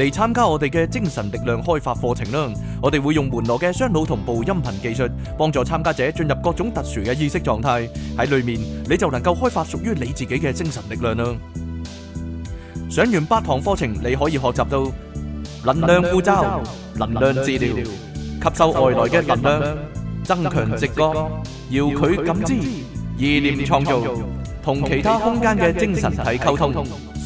嚟參加我哋嘅精神力量開發課程啦！我哋會用門羅嘅雙腦同步音頻技術，幫助參加者進入各種特殊嘅意識狀態。喺裡面你就能夠開發屬於你自己嘅精神力量啦！上完八堂課程，你可以學習到能量護罩、能量治療、吸收外來嘅能量、增強直覺、遙距感知、意念創造、同其他空間嘅精神體溝通。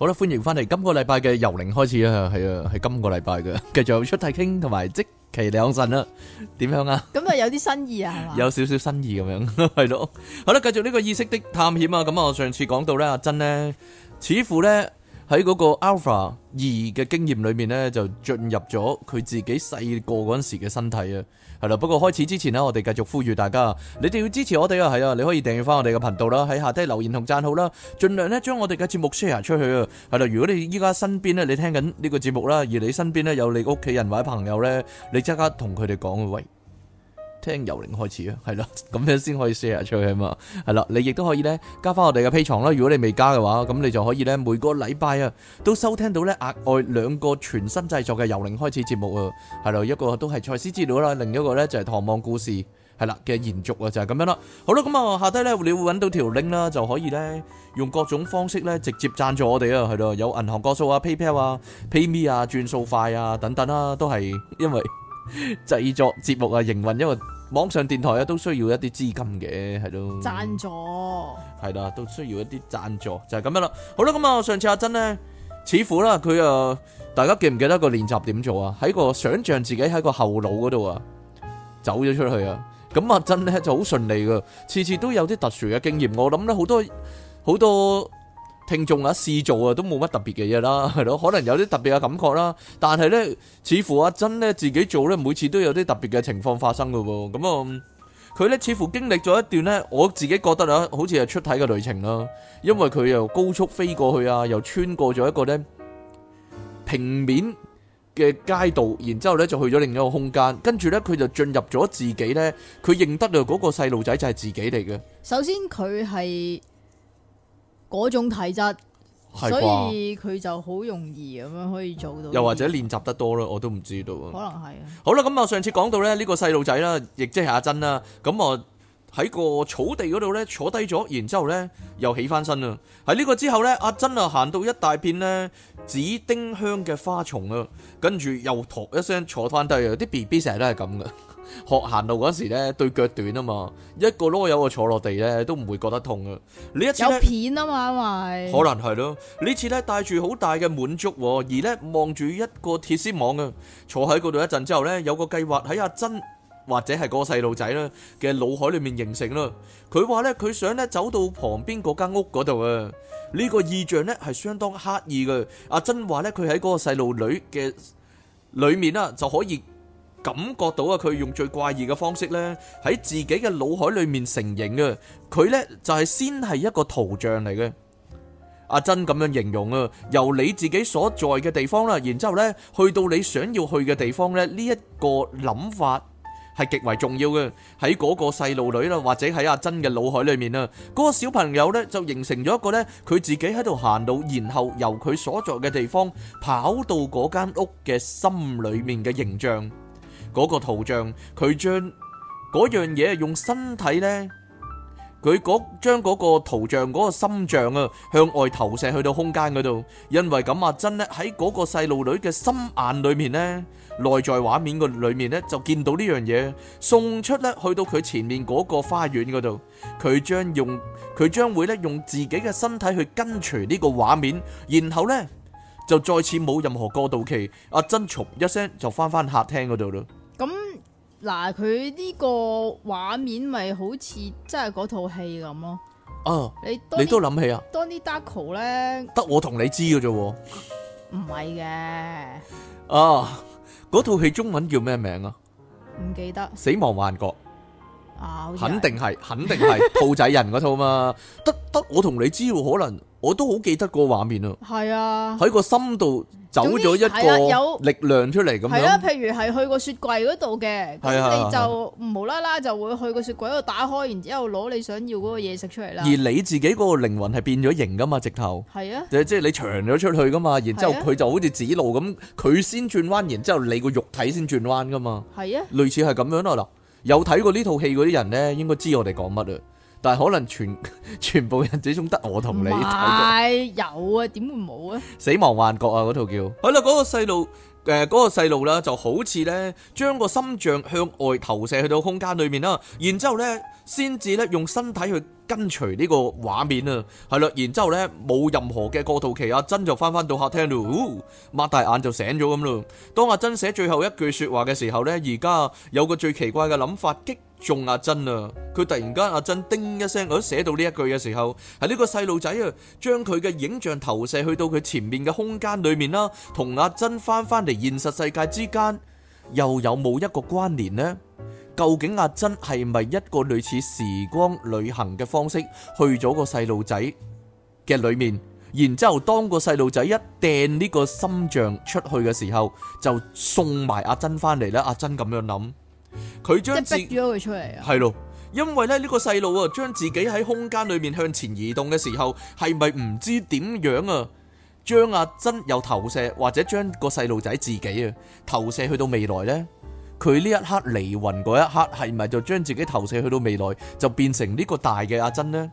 好啦，歡迎翻嚟今個禮拜嘅由零開始啊，係啊，係今個禮拜嘅，繼續出體傾同埋即其兩陣啦，點樣啊？咁啊，有啲新意啊，有少少新意咁樣，係咯。好啦，繼續呢個意識的探險啊，咁啊，我上次講到咧，阿珍咧，似乎咧喺嗰個 Alpha 二嘅經驗裏面咧，就進入咗佢自己細個嗰陣時嘅身體啊。係啦，不過開始之前咧，我哋繼續呼籲大家，你哋要支持我哋啊，係啊，你可以訂閱翻我哋嘅頻道啦，喺下低留言同讚好啦，盡量咧將我哋嘅節目 share 出去啊，係啦，如果你依家身邊咧你聽緊呢個節目啦，而你身邊咧有你屋企人或者朋友呢，你即刻同佢哋講喂。聽由零開始啊，係咯，咁樣先可以 share 出去啊嘛，係啦，你亦都可以咧加翻我哋嘅 Patreon 啦，如果你未加嘅話，咁你就可以咧每個禮拜啊都收聽到咧額外兩個全新製作嘅由零開始節目啊，係咯，一個都係賽斯資料啦，另一個咧就係、是、唐望故事，係啦嘅延續啊，就係、是、咁樣啦。好啦，咁、嗯、啊下低咧你會搵到條 link 啦，就可以咧用各種方式咧直接贊助我哋啊，係咯，有銀行個數啊、PayPal 啊、PayMe 啊、轉數快啊等等啊，都係因為。製作節目啊，營運因為網上電台咧都需要一啲資金嘅，係咯，贊助係啦，都需要一啲贊助，就係咁樣啦。好啦，咁啊，上次阿珍咧，似乎啦，佢啊，大家記唔記得個練習點做啊？喺個想象自己喺個後腦嗰度啊，走咗出去啊，咁阿珍咧就好順利噶次次都有啲特殊嘅經驗，我諗咧好多好多，聽眾啊，試做啊，都冇乜特別嘅嘢啦，係咯，可能有啲特別嘅感覺啦。但係咧，似乎阿珍咧自己做咧，每次都有啲特別嘅情況發生噶喎。咁啊，佢咧似乎經歷咗一段咧，我自己覺得啊，好似係出體嘅旅程咯。因為佢又高速飛過去啊，又穿過咗一個咧平面嘅街道，然之後咧就去咗另一個空間，跟住咧佢就進入咗自己咧，佢認得到嗰個細路仔就係自己嚟嘅。首先佢係。嗰種體質，所以佢就好容易咁樣可以做到。又或者練習得多啦，我都唔知道。可能係啊。好啦，咁我上次講到咧，呢個細路仔啦，亦即係阿珍啦，咁啊喺個草地嗰度咧坐低咗，然之後咧又起翻身啦。喺呢個之後咧，阿珍啊行到一大片咧紫丁香嘅花叢啊，跟住又托一聲坐翻低啊，啲 B B 成日都係咁噶。學行路嗰時咧，對腳短啊嘛，一個囉柚啊坐落地咧，都唔會覺得痛啊。你一次有片啊嘛，因為可能係咯。呢次咧帶住好大嘅滿足，而咧望住一個鐵絲網啊，坐喺嗰度一陣之後咧，有個計劃喺阿珍，或者係嗰個細路仔咧嘅腦海裏面形成啦。佢話咧佢想咧走到旁邊嗰間屋嗰度啊。呢個意象咧係相當刻意嘅。阿珍話咧佢喺嗰個細路女嘅裏面啦就可以。感覺到啊，佢用最怪異嘅方式咧，喺自己嘅腦海裏面成形啊！佢咧就係先係一個圖像嚟嘅。阿珍咁樣形容啊，由你自己所在嘅地方啦，然之後咧去到你想要去嘅地方咧，呢一個諗法係極為重要嘅。喺嗰個細路女啦，或者喺阿珍嘅腦海裏面啊，嗰個小朋友咧就形成咗一個咧，佢自己喺度行路，然後由佢所在嘅地方跑到嗰間屋嘅心裏面嘅形象。嗰個圖像，佢將嗰樣嘢用身體咧，佢嗰將嗰個圖像嗰個心像啊，向外投射去到空間嗰度。因為咁啊，阿珍咧喺嗰個細路女嘅心眼裏面咧，內在畫面個裏面咧就見到呢樣嘢，送出咧去到佢前面嗰個花園嗰度。佢將用佢將會咧用自己嘅身體去跟隨呢個畫面，然後咧就再次冇任何過渡期。阿珍從一聲就返返客廳嗰度啦。嗱，佢呢個畫面咪好似真係嗰套戲咁咯。哦、啊，你你都諗起啊 Donnie Darko 咧，得我同你知嘅啫喎。唔係嘅。哦，嗰套、啊、戲中文叫咩名啊？唔記得。死亡幻覺。啊、肯定係，肯定係 兔仔人嗰套嘛，得得我同你知，可能我都好記得個畫面啊。係啊，喺個深度走咗一個有力量出嚟咁、啊、樣。係啊，譬如係去個雪櫃嗰度嘅，咁、啊啊、你就無啦啦就會去個雪櫃度打開，然之後攞你想要嗰個嘢食出嚟啦。而你自己嗰個靈魂係變咗形噶嘛，直頭係啊，即係你長咗出去噶嘛，然後之後佢就好似指路咁，佢先轉彎，然之後你個肉體先轉彎噶嘛。係啊，啊類似係咁樣咯。有睇過呢套戲嗰啲人咧，應該知我哋講乜啊！但係可能全全部人始終得我同你睇。但係有啊？點會冇啊？死亡幻覺啊！嗰套叫。好啦，嗰個細路誒，嗰個細路啦，就好似咧，將個心臟向外投射去到空間裏面啦，然之後咧。先至咧用身體去跟隨呢個畫面啊，係啦，然之後呢，冇任何嘅過渡期，阿珍就翻返到客廳度，擘大眼就醒咗咁咯。當阿珍寫最後一句説話嘅時候呢，而家有個最奇怪嘅諗法擊中阿珍啊！佢突然間，阿珍叮一聲，我都寫到呢一句嘅時候，喺、這、呢個細路仔啊，將佢嘅影像投射去到佢前面嘅空間裡面啦，同阿珍翻返嚟現實世界之間又有冇一個關聯呢？究竟阿珍係咪一個類似時光旅行嘅方式去咗個細路仔嘅裏面？然之後當個細路仔一掟呢個心象出去嘅時候，就送埋阿珍翻嚟啦。阿珍咁樣諗，佢將自己逼咗佢出嚟啊！係咯，因為咧呢個細路啊，將自己喺空間裏面向前移動嘅時候，係咪唔知點樣啊？將阿珍又投射，或者將個細路仔自己啊投射去到未來呢？佢呢一刻離魂嗰一刻，係咪就將自己投射去到未來，就變成呢個大嘅阿珍呢？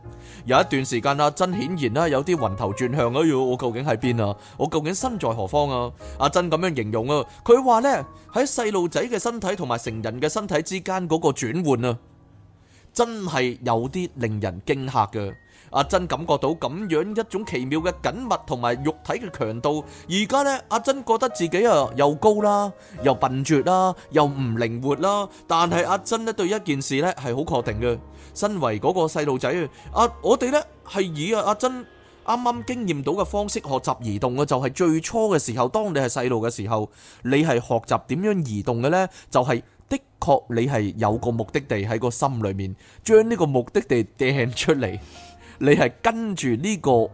有一段時間，阿珍顯然啦，有啲暈頭轉向咯。要、哎喲、我究竟喺邊啊？我究竟身在何方啊？阿珍咁樣形容啊，佢話呢，喺細路仔嘅身體同埋成人嘅身體之間嗰個轉換啊，真係有啲令人驚嚇嘅。阿珍感覺到咁樣一種奇妙嘅緊密同埋肉體嘅強度。而家呢，阿珍覺得自己啊又高啦，又笨拙啦，又唔靈活啦。但係阿珍呢對一件事呢係好確定嘅。身為嗰個細路仔，啊我哋呢係以啊阿珍啱啱經驗到嘅方式學習移動嘅，就係最初嘅時候，當你係細路嘅時候，你係學習點樣移動嘅呢，就係的確你係有個目的地喺個心裏面，將呢個目的地掟出嚟，你係跟住呢個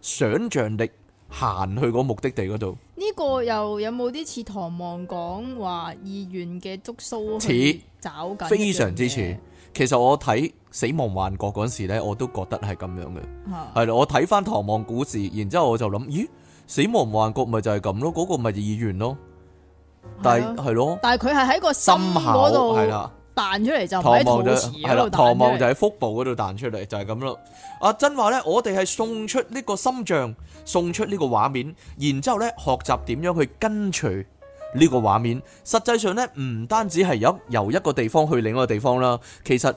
想像力行去個目的地嗰度？呢個又有冇啲似唐望講話意願嘅觸鬚？似爪緊，非常之似。其實我睇死亡幻覺嗰陣時咧，我都覺得係咁樣嘅。係咯的，我睇返唐望故事，然之後我就諗，咦，死亡幻覺咪就係咁咯，嗰、那個咪意願咯。但係係咯。但係佢係喺個心嗰度口。係啦。彈出嚟就喺肚臍嗰度彈出嚟，係啦。唐茂就喺腹部嗰度彈出嚟，就係咁咯。阿珍話咧，我哋係送出呢個心象，送出呢個畫面，然之後咧學習點樣去跟隨呢個畫面。實際上咧，唔單止係有由一個地方去另外一個地方啦，其實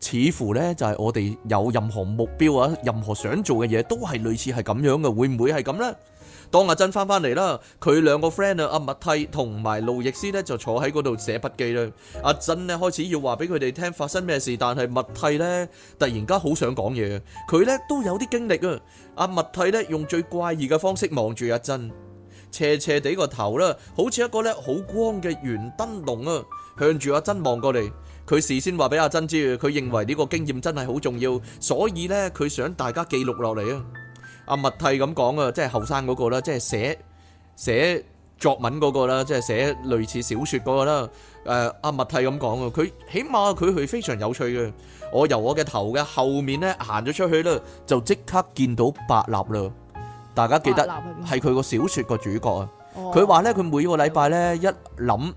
似乎咧就係我哋有任何目標啊，任何想做嘅嘢都係類似係咁樣嘅，會唔會係咁咧？當阿珍翻返嚟啦，佢兩個 friend 啊，阿麥替同埋路易斯呢就坐喺嗰度寫筆記啦。阿珍呢開始要話俾佢哋聽發生咩事，但係麥替呢突然間好想講嘢，佢呢都有啲經歷啊。阿麥替呢用最怪異嘅方式望住阿珍，斜斜地個頭啦，好似一個呢好光嘅圓燈籠啊，向住阿珍望過嚟。佢事先話俾阿珍知，佢認為呢個經驗真係好重要，所以呢，佢想大家記錄落嚟啊。阿麥蒂咁講啊，即係後生嗰個啦，即係、那個、寫寫作文嗰、那個啦，即係寫類似小説嗰、那個啦。誒、啊，阿麥蒂咁講啊，佢起碼佢係非常有趣嘅。我由我嘅頭嘅後面咧行咗出去咧，就即刻見到白立啦。大家記得係佢個小説個主角啊。佢話咧，佢每個禮拜咧一諗，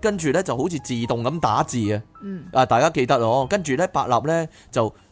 跟住咧就好似自動咁打字啊。嗯、啊，大家記得哦。跟住咧，白立咧就。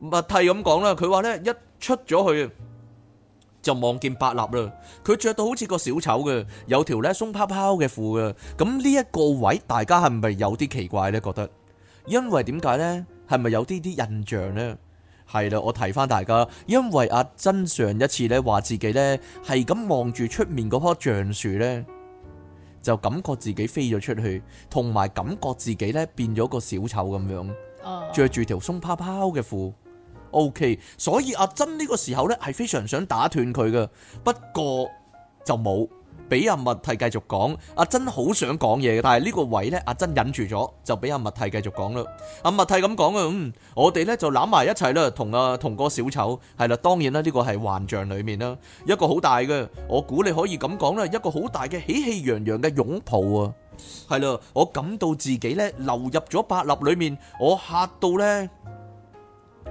物替咁講啦，佢話呢，一出咗去就望見白立啦，佢着到好似個小丑嘅，有條呢鬆泡泡嘅褲嘅，咁呢一個位大家係咪有啲奇怪呢？覺得，因為點解呢？係咪有啲啲印象呢？係啦，我提翻大家，因為阿、啊、珍上一次呢話自己呢，係咁望住出面嗰棵橡樹呢，就感覺自己飛咗出去，同埋感覺自己呢變咗個小丑咁樣，着住條鬆泡泡嘅褲。O K，所以阿珍呢個時候咧係非常想打斷佢嘅，不過就冇俾阿麥蒂繼續講。阿珍好想講嘢嘅，但係呢個位咧，阿珍忍住咗，就俾阿麥蒂繼續講啦。阿麥蒂咁講啊，嗯，我哋咧就攬埋一齊啦，同啊同個小丑係啦，當然啦，呢個係幻象裏面啦，一個好大嘅，我估你可以咁講啦，一個好大嘅喜氣洋洋嘅擁抱啊，係啦，我感到自己咧流入咗百納裏面，我嚇到咧。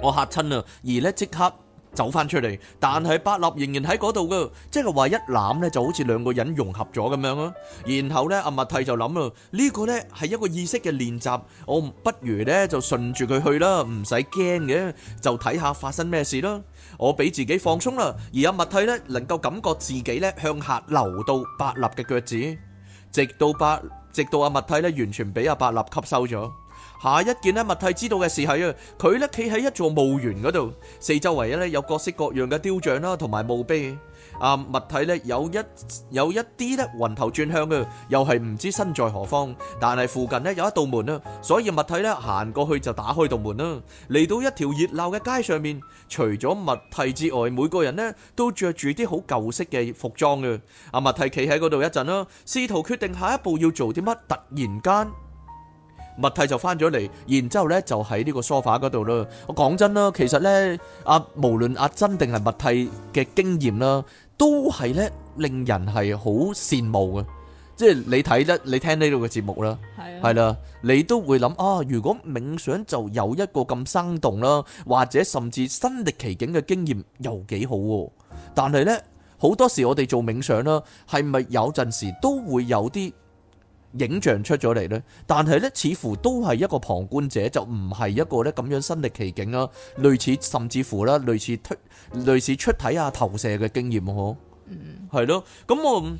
我嚇親啦，而咧即刻走翻出嚟，但係伯納仍然喺嗰度噶即係話一攬咧就好似兩個人融合咗咁樣咯。然後咧阿麥蒂就諗啦，這個，呢個咧係一個意識嘅練習，我不如咧就順住佢去啦，唔使驚嘅，就睇下發生咩事啦。我俾自己放鬆啦，而阿麥蒂咧能夠感覺自己咧向下流到伯納嘅腳趾，直到伯直到阿、啊、麥蒂咧完全俾阿伯納吸收咗。下一件咧，物體知道嘅事係啊，佢咧企喺一座墓園嗰度，四周圍咧有各式各樣嘅雕像啦，同埋墓碑。啊，物體咧有一有一啲咧，暈頭轉向嘅，又係唔知身在何方。但係附近咧有一道門啊，所以物體咧行過去就打開道門啦，嚟到一條熱鬧嘅街上面。除咗物體之外，每個人咧都著住啲好舊式嘅服裝嘅。啊，物體企喺嗰度一陣啦，試圖決定下一步要做啲乜。突然間，物替就翻咗嚟，然之後咧就喺呢個梳化嗰度咯。我講真啦，其實咧，阿無論阿珍定係物替嘅經驗啦，都係咧令人係好羨慕嘅。即係你睇得你聽呢度嘅節目啦，係啦，你都會諗啊，如果冥想就有一個咁生動啦，或者甚至身歷其境嘅經驗又幾好喎。但係咧，好多時我哋做冥想啦，係咪有陣時都會有啲？影像出咗嚟咧，但係咧似乎都係一個旁觀者，就唔係一個咧咁樣身歷其境啊，類似甚至乎啦，類似推類似出體啊投射嘅經驗哦，係咯，咁我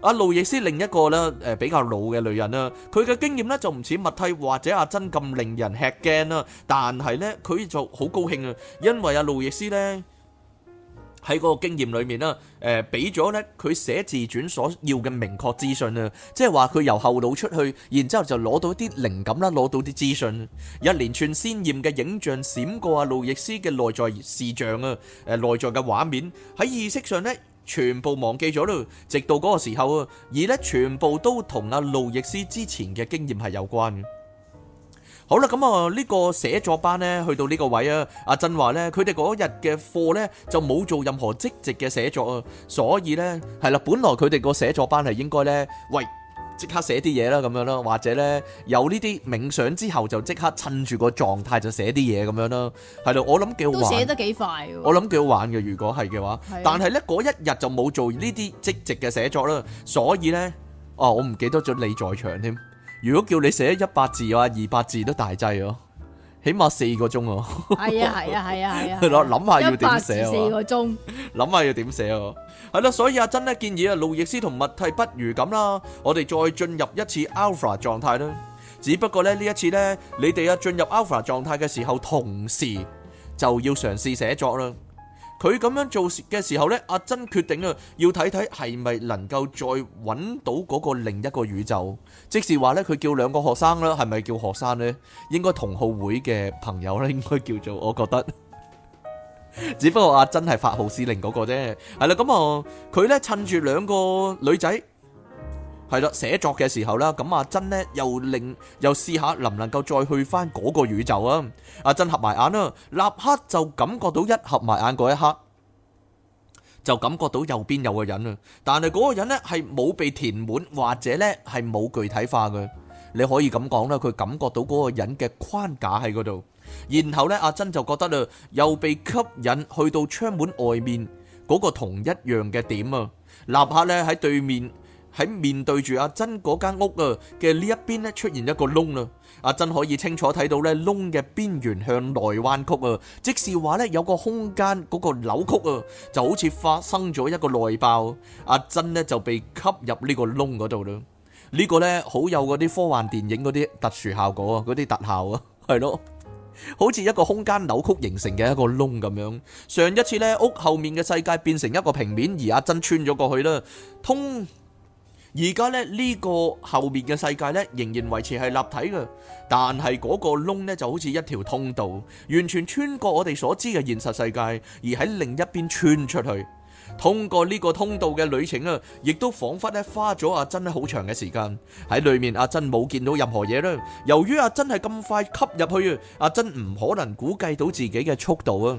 阿路易斯另一個咧誒比較老嘅女人啦，佢嘅經驗咧就唔似麥替或者阿珍咁令人吃驚啦，但係咧佢就好高興啊，因為阿路易斯咧。喺個經驗裏面啦，誒俾咗咧佢寫自傳所要嘅明確資訊啊，即係話佢由後腦出去，然之後就攞到啲靈感啦，攞到啲資訊，一連串鮮豔嘅影像閃過阿路易斯嘅內在視像啊，誒內在嘅畫面喺意識上咧全部忘記咗咯，直到嗰個時候啊，而咧全部都同阿路易斯之前嘅經驗係有關嘅。好啦，咁啊呢個寫作班咧，去到呢個位啊，阿珍話咧，佢哋嗰日嘅課咧就冇做任何即席嘅寫作啊，所以咧係啦，本來佢哋個寫作班係應該咧，喂，即刻寫啲嘢啦，咁樣啦，或者咧有呢啲冥想之後就即刻趁住個狀態就寫啲嘢咁樣啦，係咯，我諗幾好玩，都寫得幾快，我諗幾好玩嘅，如果係嘅話，但係咧嗰一日就冇做呢啲即席嘅寫作啦，所以咧，啊，我唔記得咗你在場添。如果叫你寫一百字嘅話，二百字都大劑咯，起碼四個鐘哦。係啊係啊係啊係啊。係咯，諗下要點寫哦。四個鐘。諗下 要點寫哦。係 啦，所以阿珍咧建議啊，路易斯同麥蒂不如咁啦，我哋再進入一次 alpha 狀態啦。只不過咧，呢一次咧，你哋啊進入 alpha 狀態嘅時候，同時就要嘗試寫作啦。佢咁樣做嘅時候呢，阿珍決定啊，要睇睇係咪能夠再揾到嗰個另一個宇宙，即是話呢佢叫兩個學生啦，係咪叫學生呢？應該同好會嘅朋友呢，應該叫做，我覺得。 只不過阿珍係發號施令嗰個啫，係啦，咁、嗯、啊，佢呢趁住兩個女仔。係啦，寫作嘅時候啦，咁阿珍咧又令又試下能唔能夠再去翻嗰個宇宙啊？阿珍合埋眼啦，立刻就感覺到一合埋眼嗰一刻，就感覺到右邊有個人啊！但係嗰個人咧係冇被填滿，或者咧係冇具體化嘅。你可以咁講啦，佢感覺到嗰個人嘅框架喺嗰度。然後咧，阿珍就覺得啊，又被吸引去到窗門外面嗰個同一樣嘅點啊！立刻咧喺對面。喺面對住阿珍嗰間屋啊嘅呢一邊呢，出現一個窿啊，阿珍可以清楚睇到呢窿嘅邊緣向內彎曲啊，即是話呢有個空間嗰個扭曲啊，就好似發生咗一個內爆，阿珍呢就被吸入呢個窿嗰度啦。呢個呢好有嗰啲科幻電影嗰啲特殊效果啊，嗰啲特效啊，係咯，好似一個空間扭曲形成嘅一個窿咁樣。上一次呢屋後面嘅世界變成一個平面，而阿珍穿咗過去啦，通。而家咧，呢個後面嘅世界咧，仍然維持係立體嘅，但係嗰個窿咧就好似一條通道，完全穿過我哋所知嘅現實世界，而喺另一邊穿出去。通過呢個通道嘅旅程啊，亦都仿佛咧，花咗阿珍好長嘅時間喺裏面。阿珍冇見到任何嘢啦。由於阿珍係咁快吸入去，阿珍唔可能估計到自己嘅速度啊。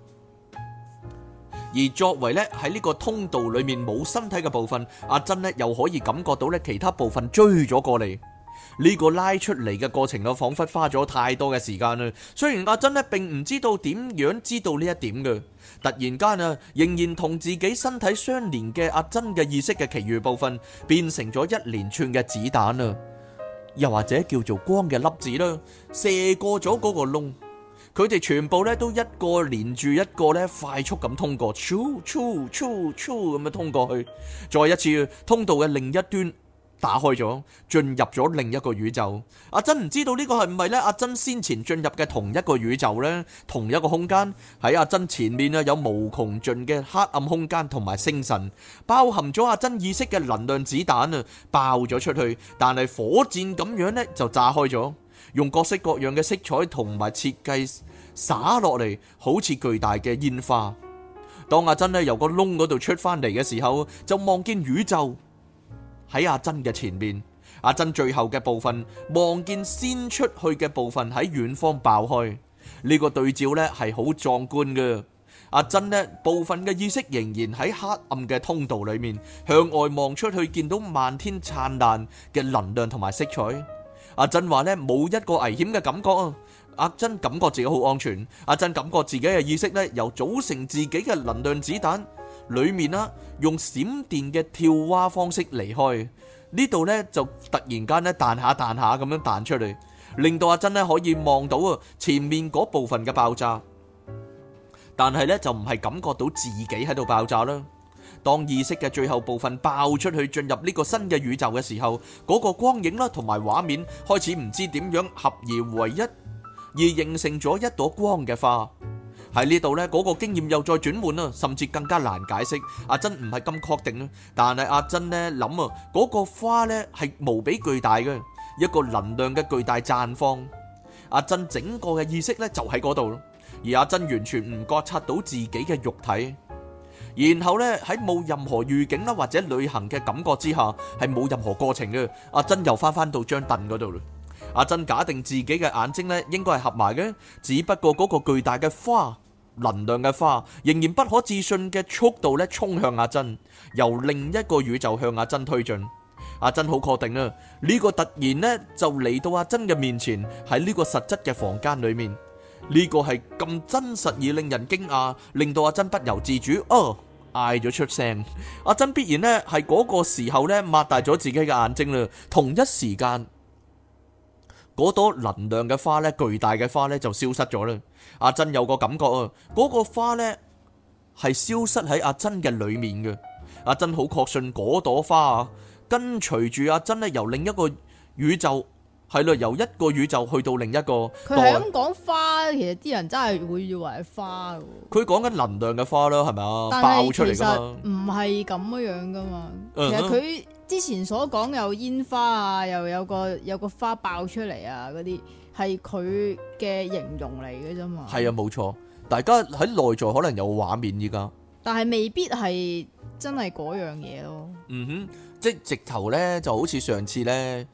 而作為咧喺呢個通道裏面冇身體嘅部分，阿珍呢又可以感覺到咧其他部分追咗過嚟。呢個拉出嚟嘅過程我仿佛花咗太多嘅時間啦。雖然阿珍呢並唔知道點樣知道呢一點嘅，突然間啊，仍然同自己身體相連嘅阿珍嘅意識嘅其餘部分，變成咗一連串嘅子彈啦，又或者叫做光嘅粒子啦，射過咗嗰個窿。佢哋全部咧都一個連住一個咧，快速咁通過，咁樣通過去，再一次通道嘅另一端打開咗，進入咗另一個宇宙。阿珍唔知道呢個係唔係咧？阿珍先前進入嘅同一個宇宙咧，同一個空間喺阿珍前面啊，有無窮盡嘅黑暗空間同埋星辰，包含咗阿珍意識嘅能量子彈啊，爆咗出去，但係火箭咁樣呢，就炸開咗。用各式各樣嘅色彩同埋設計灑落嚟，好似巨大嘅煙花。當阿珍呢由個窿嗰度出翻嚟嘅時候，就望見宇宙喺阿珍嘅前面。阿珍最後嘅部分望見先出去嘅部分喺遠方爆開，呢個對照呢係好壯觀嘅。阿珍呢部分嘅意識仍然喺黑暗嘅通道裏面向外望出去，見到漫天燦爛嘅能量同埋色彩。阿珍話呢，冇一個危險嘅感覺啊！阿珍感覺自己好安全。阿珍感覺自己嘅意識呢，由組成自己嘅能量子彈裏面啦，用閃電嘅跳蛙方式離開呢度呢，就突然間呢彈下彈下咁樣彈出嚟，令到阿珍呢可以望到啊前面嗰部分嘅爆炸，但係呢，就唔係感覺到自己喺度爆炸啦。當意識嘅最後部分爆出去進入呢個新嘅宇宙嘅時候，嗰個光影啦同埋畫面開始唔知點樣合而為一，而形成咗一朵光嘅花。喺呢度呢，嗰個經驗又再轉換啦，甚至更加難解釋。阿珍唔係咁確定啦，但係阿珍呢諗啊，嗰個花呢係無比巨大嘅，一個能量嘅巨大綻放。阿珍整個嘅意識呢就喺嗰度，而阿珍完全唔覺察到自己嘅肉體。然後咧喺冇任何預警啦或者旅行嘅感覺之下，係冇任何過程嘅。阿珍又翻翻到張凳嗰度啦。阿珍假定自己嘅眼睛咧應該係合埋嘅，只不過嗰個巨大嘅花，能量嘅花，仍然不可置信嘅速度咧衝向阿珍，由另一個宇宙向阿珍推進。阿珍好確定啊，呢個突然呢，就嚟到阿珍嘅面前喺呢個實質嘅房間裏面。呢個係咁真實而令人驚訝，令到阿珍不由自主，哦，嗌咗出聲。阿珍必然咧係嗰個時候咧擘大咗自己嘅眼睛啦。同一時間，嗰朵能量嘅花咧，巨大嘅花咧就消失咗啦。阿珍有個感覺啊，嗰個花咧係消失喺阿珍嘅裏面嘅。阿珍好確信嗰朵花啊，跟隨住阿珍咧由另一個宇宙。係咯，由一個宇宙去到另一個。佢係咁講花，其實啲人真係會以為係花。佢講緊能量嘅花啦，係咪啊？是爆出嚟啦。但其實唔係咁樣樣噶嘛。Uh huh. 其實佢之前所講有煙花啊，又有個有個花爆出嚟啊，嗰啲係佢嘅形容嚟嘅啫嘛。係啊，冇錯。大家喺內在可能有畫面依家，但係未必係真係嗰樣嘢咯，啊。嗯哼，即直頭咧，就好似上次咧。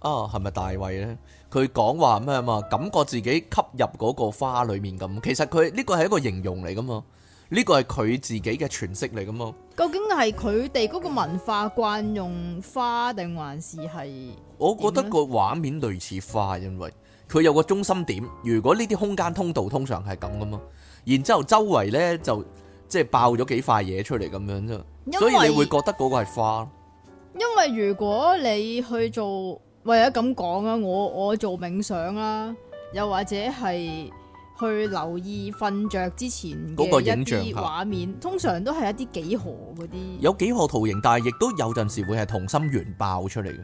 啊，係咪大衛呢？佢講話咩啊嘛？感覺自己吸入嗰個花裏面咁，其實佢呢、呢個係一個形容嚟噶嘛？呢、呢個係佢自己嘅詮釋嚟噶嘛？究竟係佢哋嗰個文化慣用花，定還是係？我覺得個畫面類似花，因為佢有個中心點。如果呢啲空間通道通常係咁噶嘛，然之後周圍呢就即係爆咗幾塊嘢出嚟咁樣啫。所以你會覺得嗰個係花因。因為如果你去做。為咗咁講啊，我我做冥想啦，又或者係去留意瞓着之前嘅一啲畫面，通常都係一啲幾何嗰啲，有幾何圖形，但係亦都有陣時會係同心圓爆出嚟嘅。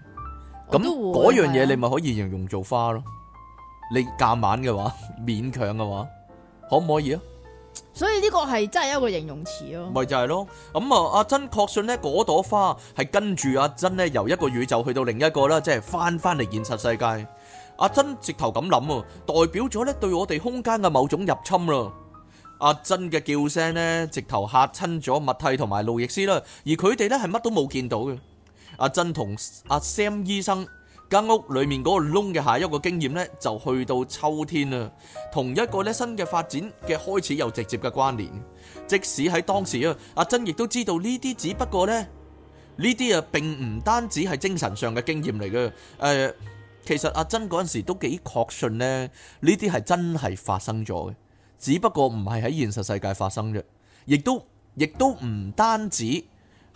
咁嗰樣嘢你咪可以形容做花咯。啊，你夾晚嘅話，勉強嘅話，可唔可以啊？所以呢個係真係一個形容詞咯，咪就係咯咁啊！阿珍確信咧，嗰朵花係跟住阿珍呢由一個宇宙去到另一個啦，即係翻翻嚟現實世界。阿珍直頭咁諗啊，代表咗咧對我哋空間嘅某種入侵啦。阿珍嘅叫聲呢，直頭嚇親咗麥蒂同埋路易斯啦，而佢哋咧係乜都冇見到嘅。阿珍同阿 Sam 醫生。間屋裏面嗰個窿，嘅下一個經驗呢，就去到秋天啦，同一個呢新嘅發展嘅開始有直接嘅關聯。即使喺當時啊，阿珍亦都知道呢啲只不過呢，呢啲啊並唔單止係精神上嘅經驗嚟嘅。誒、呃，其實阿珍嗰陣時都幾確信呢，呢啲係真係發生咗嘅，只不過唔係喺現實世界發生嘅，亦都亦都唔單止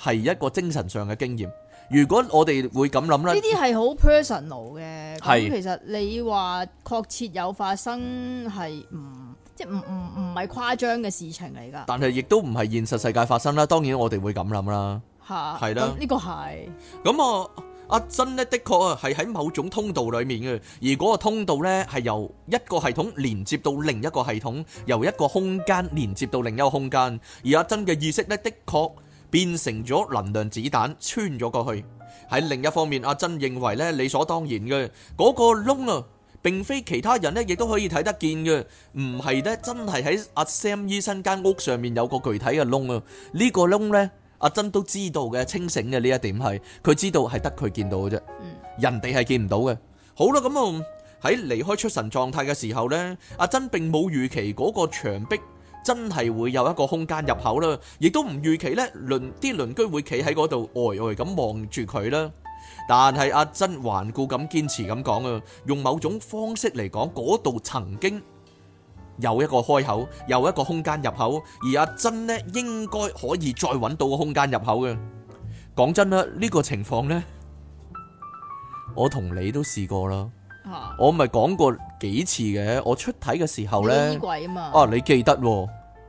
係一個精神上嘅經驗。如果我哋會咁諗咧，呢啲係好 personal 嘅。咁是其實你話確切有發生係唔即係唔唔唔係誇張嘅事情嚟噶。但係亦都唔係現實世界發生啦。當然我哋會咁諗啦。吓係啦，呢的、這個係。咁啊阿珍呢，的確係喺某種通道裏面嘅，而嗰個通道呢，係由一個系統連接到另一個系統，由一個空間連接到另一個空間。而阿、啊、珍嘅意識呢，的確。變成咗能量子彈穿咗過去。喺另一方面，阿珍認為咧理所當然嘅嗰個窿啦，並非其他人咧亦都可以睇得見嘅，唔係咧真係喺阿 Sam 醫生間屋上面有個具體嘅窿啊！呢個窿呢，阿珍都知道嘅，清醒嘅呢一點係佢知道係得佢見到嘅啫，人哋係見唔到嘅。好啦，咁啊喺離開出神狀態嘅時候呢，阿珍並冇預期嗰個牆壁，真係會有一個空間入口啦，亦都唔預期呢鄰啲鄰居會企喺嗰度呆呆咁望住佢啦。但係阿珍頑固咁堅持咁講啊，用某種方式嚟講，嗰度曾經有一個開口，有一個空間入口，而阿珍呢應該可以再揾到個空間入口嘅。講真啦，呢個情況呢，我同你都試過啦，我咪講過幾次嘅，我出體嘅時候呢，啊，你記得。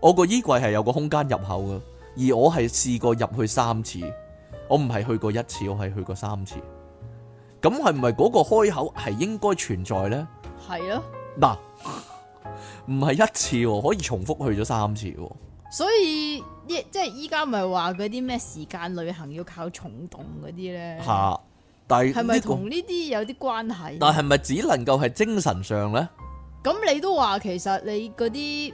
我個衣櫃係有個空間入口嘅，而我係試過入去三次，我唔係去過一次，我係去過三次。咁係咪嗰個開口係應該存在呢？係咯、啊，嗱、啊，唔係一次可以重複去咗三次。所以即係依家唔係話嗰啲咩時間旅行要靠蟲洞嗰啲呢？吓、啊，但係咪同呢啲有啲關係？但係咪只能夠係精神上呢？咁你都話其實你嗰啲。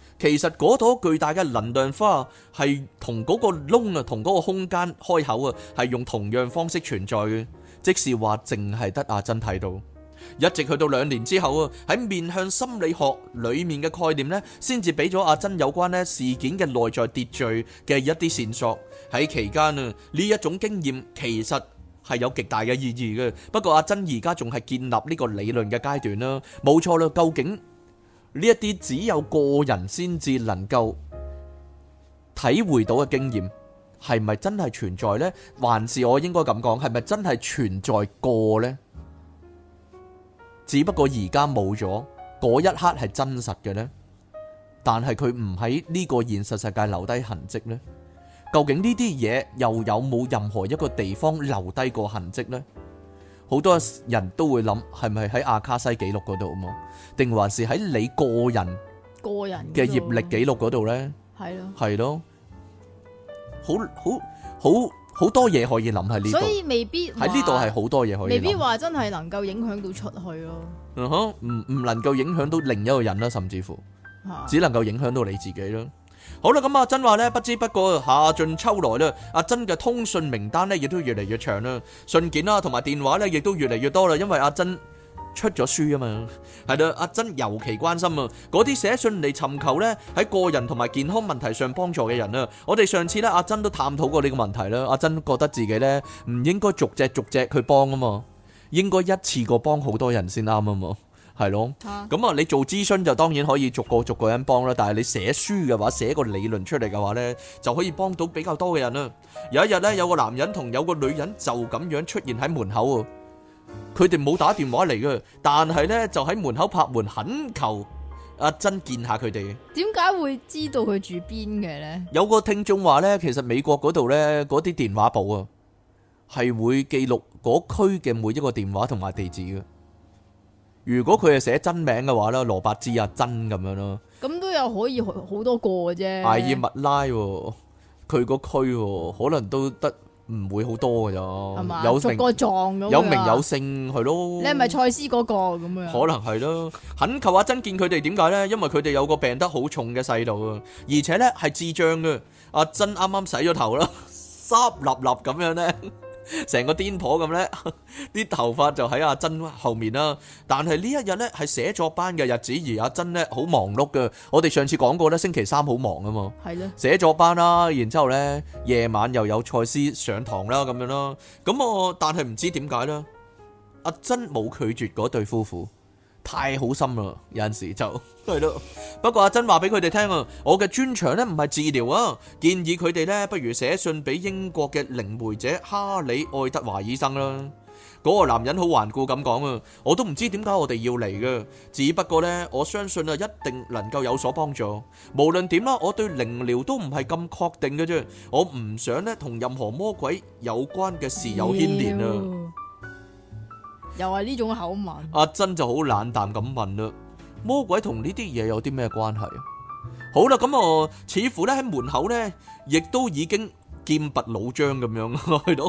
其實嗰朵巨大嘅能量花係同嗰個窿啊，同嗰個空間開口啊，係用同樣方式存在嘅。即是話，淨係得阿珍睇到。一直去到兩年之後啊，喺面向心理學裏面嘅概念呢，先至俾咗阿珍有關呢事件嘅內在秩序嘅一啲線索。喺期間啊，呢一種經驗其實係有極大嘅意義嘅。不過阿珍而家仲係建立呢個理論嘅階段啦，冇錯啦。究竟？呢一啲只有個人先至能夠體會到嘅經驗，係咪真係存在呢？還是我應該咁講，係咪真係存在過呢？只不過而家冇咗，嗰一刻係真實嘅呢。但係佢唔喺呢個現實世界留低痕跡呢？究竟呢啲嘢又有冇任何一個地方留低過痕跡呢？好多人都會諗，係咪喺阿卡西記錄嗰度啊？嘛，定還是喺你個人個人嘅業力記錄嗰度咧？係咯，係咯，好好好好多嘢可以諗喺呢度，所以未必喺呢度係好多嘢可以諗，未必話真係能夠影響到出去咯。嗯哼，唔唔能夠影響到另一個人啦，甚至乎只能夠影響到你自己咯。好啦，咁阿珍話呢，不知不覺夏盡秋來啦，阿珍嘅通訊名單呢，亦都越嚟越長啦，信件啦，同埋電話呢，亦都越嚟越多啦，因為阿珍出咗書啊嘛，係啦，阿珍尤其關心啊，嗰啲寫信嚟尋求呢，喺個人同埋健康問題上幫助嘅人啊，我哋上次呢，阿珍都探討過呢個問題啦，阿珍覺得自己呢，唔應該逐隻逐隻去幫啊嘛，應該一次過幫好多人先啱啊嘛。係咯，咁啊，你做諮詢就當然可以逐個逐個人幫啦，但係你寫書嘅話，寫個理論出嚟嘅話咧，就可以幫到比較多嘅人啦。有一日咧，有個男人同有個女人就咁樣出現喺門口，佢哋冇打電話嚟嘅，但係咧就喺門口拍門，懇求阿珍見下佢哋。點解會知道佢住邊嘅咧？有個聽眾話咧，其實美國嗰度咧，嗰啲電話簿啊，係會記錄嗰區嘅每一個電話同埋地址嘅。如果佢係寫真名嘅話咧，羅伯茲阿真咁樣咯，咁都有可以好多個嘅啫。艾爾麥拉，佢個區可能都得唔會好多嘅咋？吧有名有名有姓係咯。你係咪賽斯嗰個咁樣？可能係咯。懇求阿真見佢哋點解咧？因為佢哋有個病得好重嘅細路，而且咧係智障嘅。阿真啱啱洗咗頭啦，濕立立咁樣咧。成個癲婆咁呢，啲頭髮就喺阿珍後面啦。但係呢一日呢，係寫作班嘅日子，而阿珍呢，好忙碌嘅。我哋上次講過咧，星期三好忙啊嘛。係咧的，寫作班啦，然之後咧夜晚又有賽斯上堂啦，咁樣咯。咁我但係唔知點解咧，阿珍冇拒絕嗰對夫婦。太好心啦，有陣時就係咯。不過阿珍話俾佢哋聽啊，我嘅專長呢，唔係治療啊，建議佢哋呢，不如寫信俾英國嘅靈媒者哈里愛德華醫生啦。嗰個男人好頑固咁講啊，我都唔知點解我哋要嚟嘅，只不過呢我相信啊一定能夠有所幫助。無論點啦，我對靈療都唔係咁確定嘅啫，我唔想呢同任何魔鬼有關嘅事有牽連啊。又係呢種口吻，阿珍就好冷淡咁問嘞：魔鬼同呢啲嘢有啲咩關係啊？好啦，咁啊，似乎咧喺門口咧，亦都已經劍拔弩張咁樣，我去到，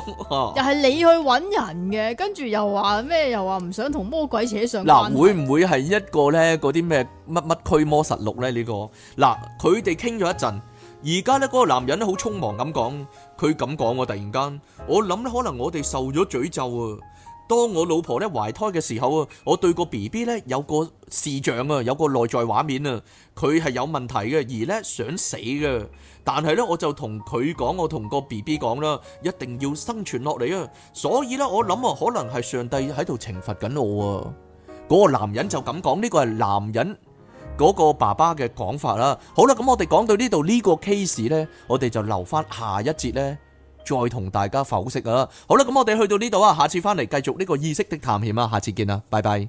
又係你去搵人嘅，跟住又話咩？又話唔想同魔鬼扯上關係。嗱，會唔會係一個咧嗰啲咩乜乜驅魔實錄咧？呢個嗱，佢哋傾咗一陣，而家咧嗰個男人咧好匆忙咁講，佢咁講，我突然間，我諗咧可能我哋受咗詛咒啊！當我老婆咧懷胎嘅時候啊，我對個 B B 咧有個視像啊，有個內在畫面啊，佢係有問題嘅，而咧想死嘅，但係咧我就同佢講，我同個 B B 講啦，一定要生存落嚟啊，所以咧我諗啊，可能係上帝喺度懲罰緊我啊，嗰個男人就咁講，呢個係男人嗰個爸爸嘅講法啦。好啦，咁我哋講到呢度呢個 case 咧，我哋就留翻下一節咧。再同大家剖析啊！好啦，咁我哋去到呢度啊，下次返嚟繼續呢個意識的探險啊！下次見啦，拜拜。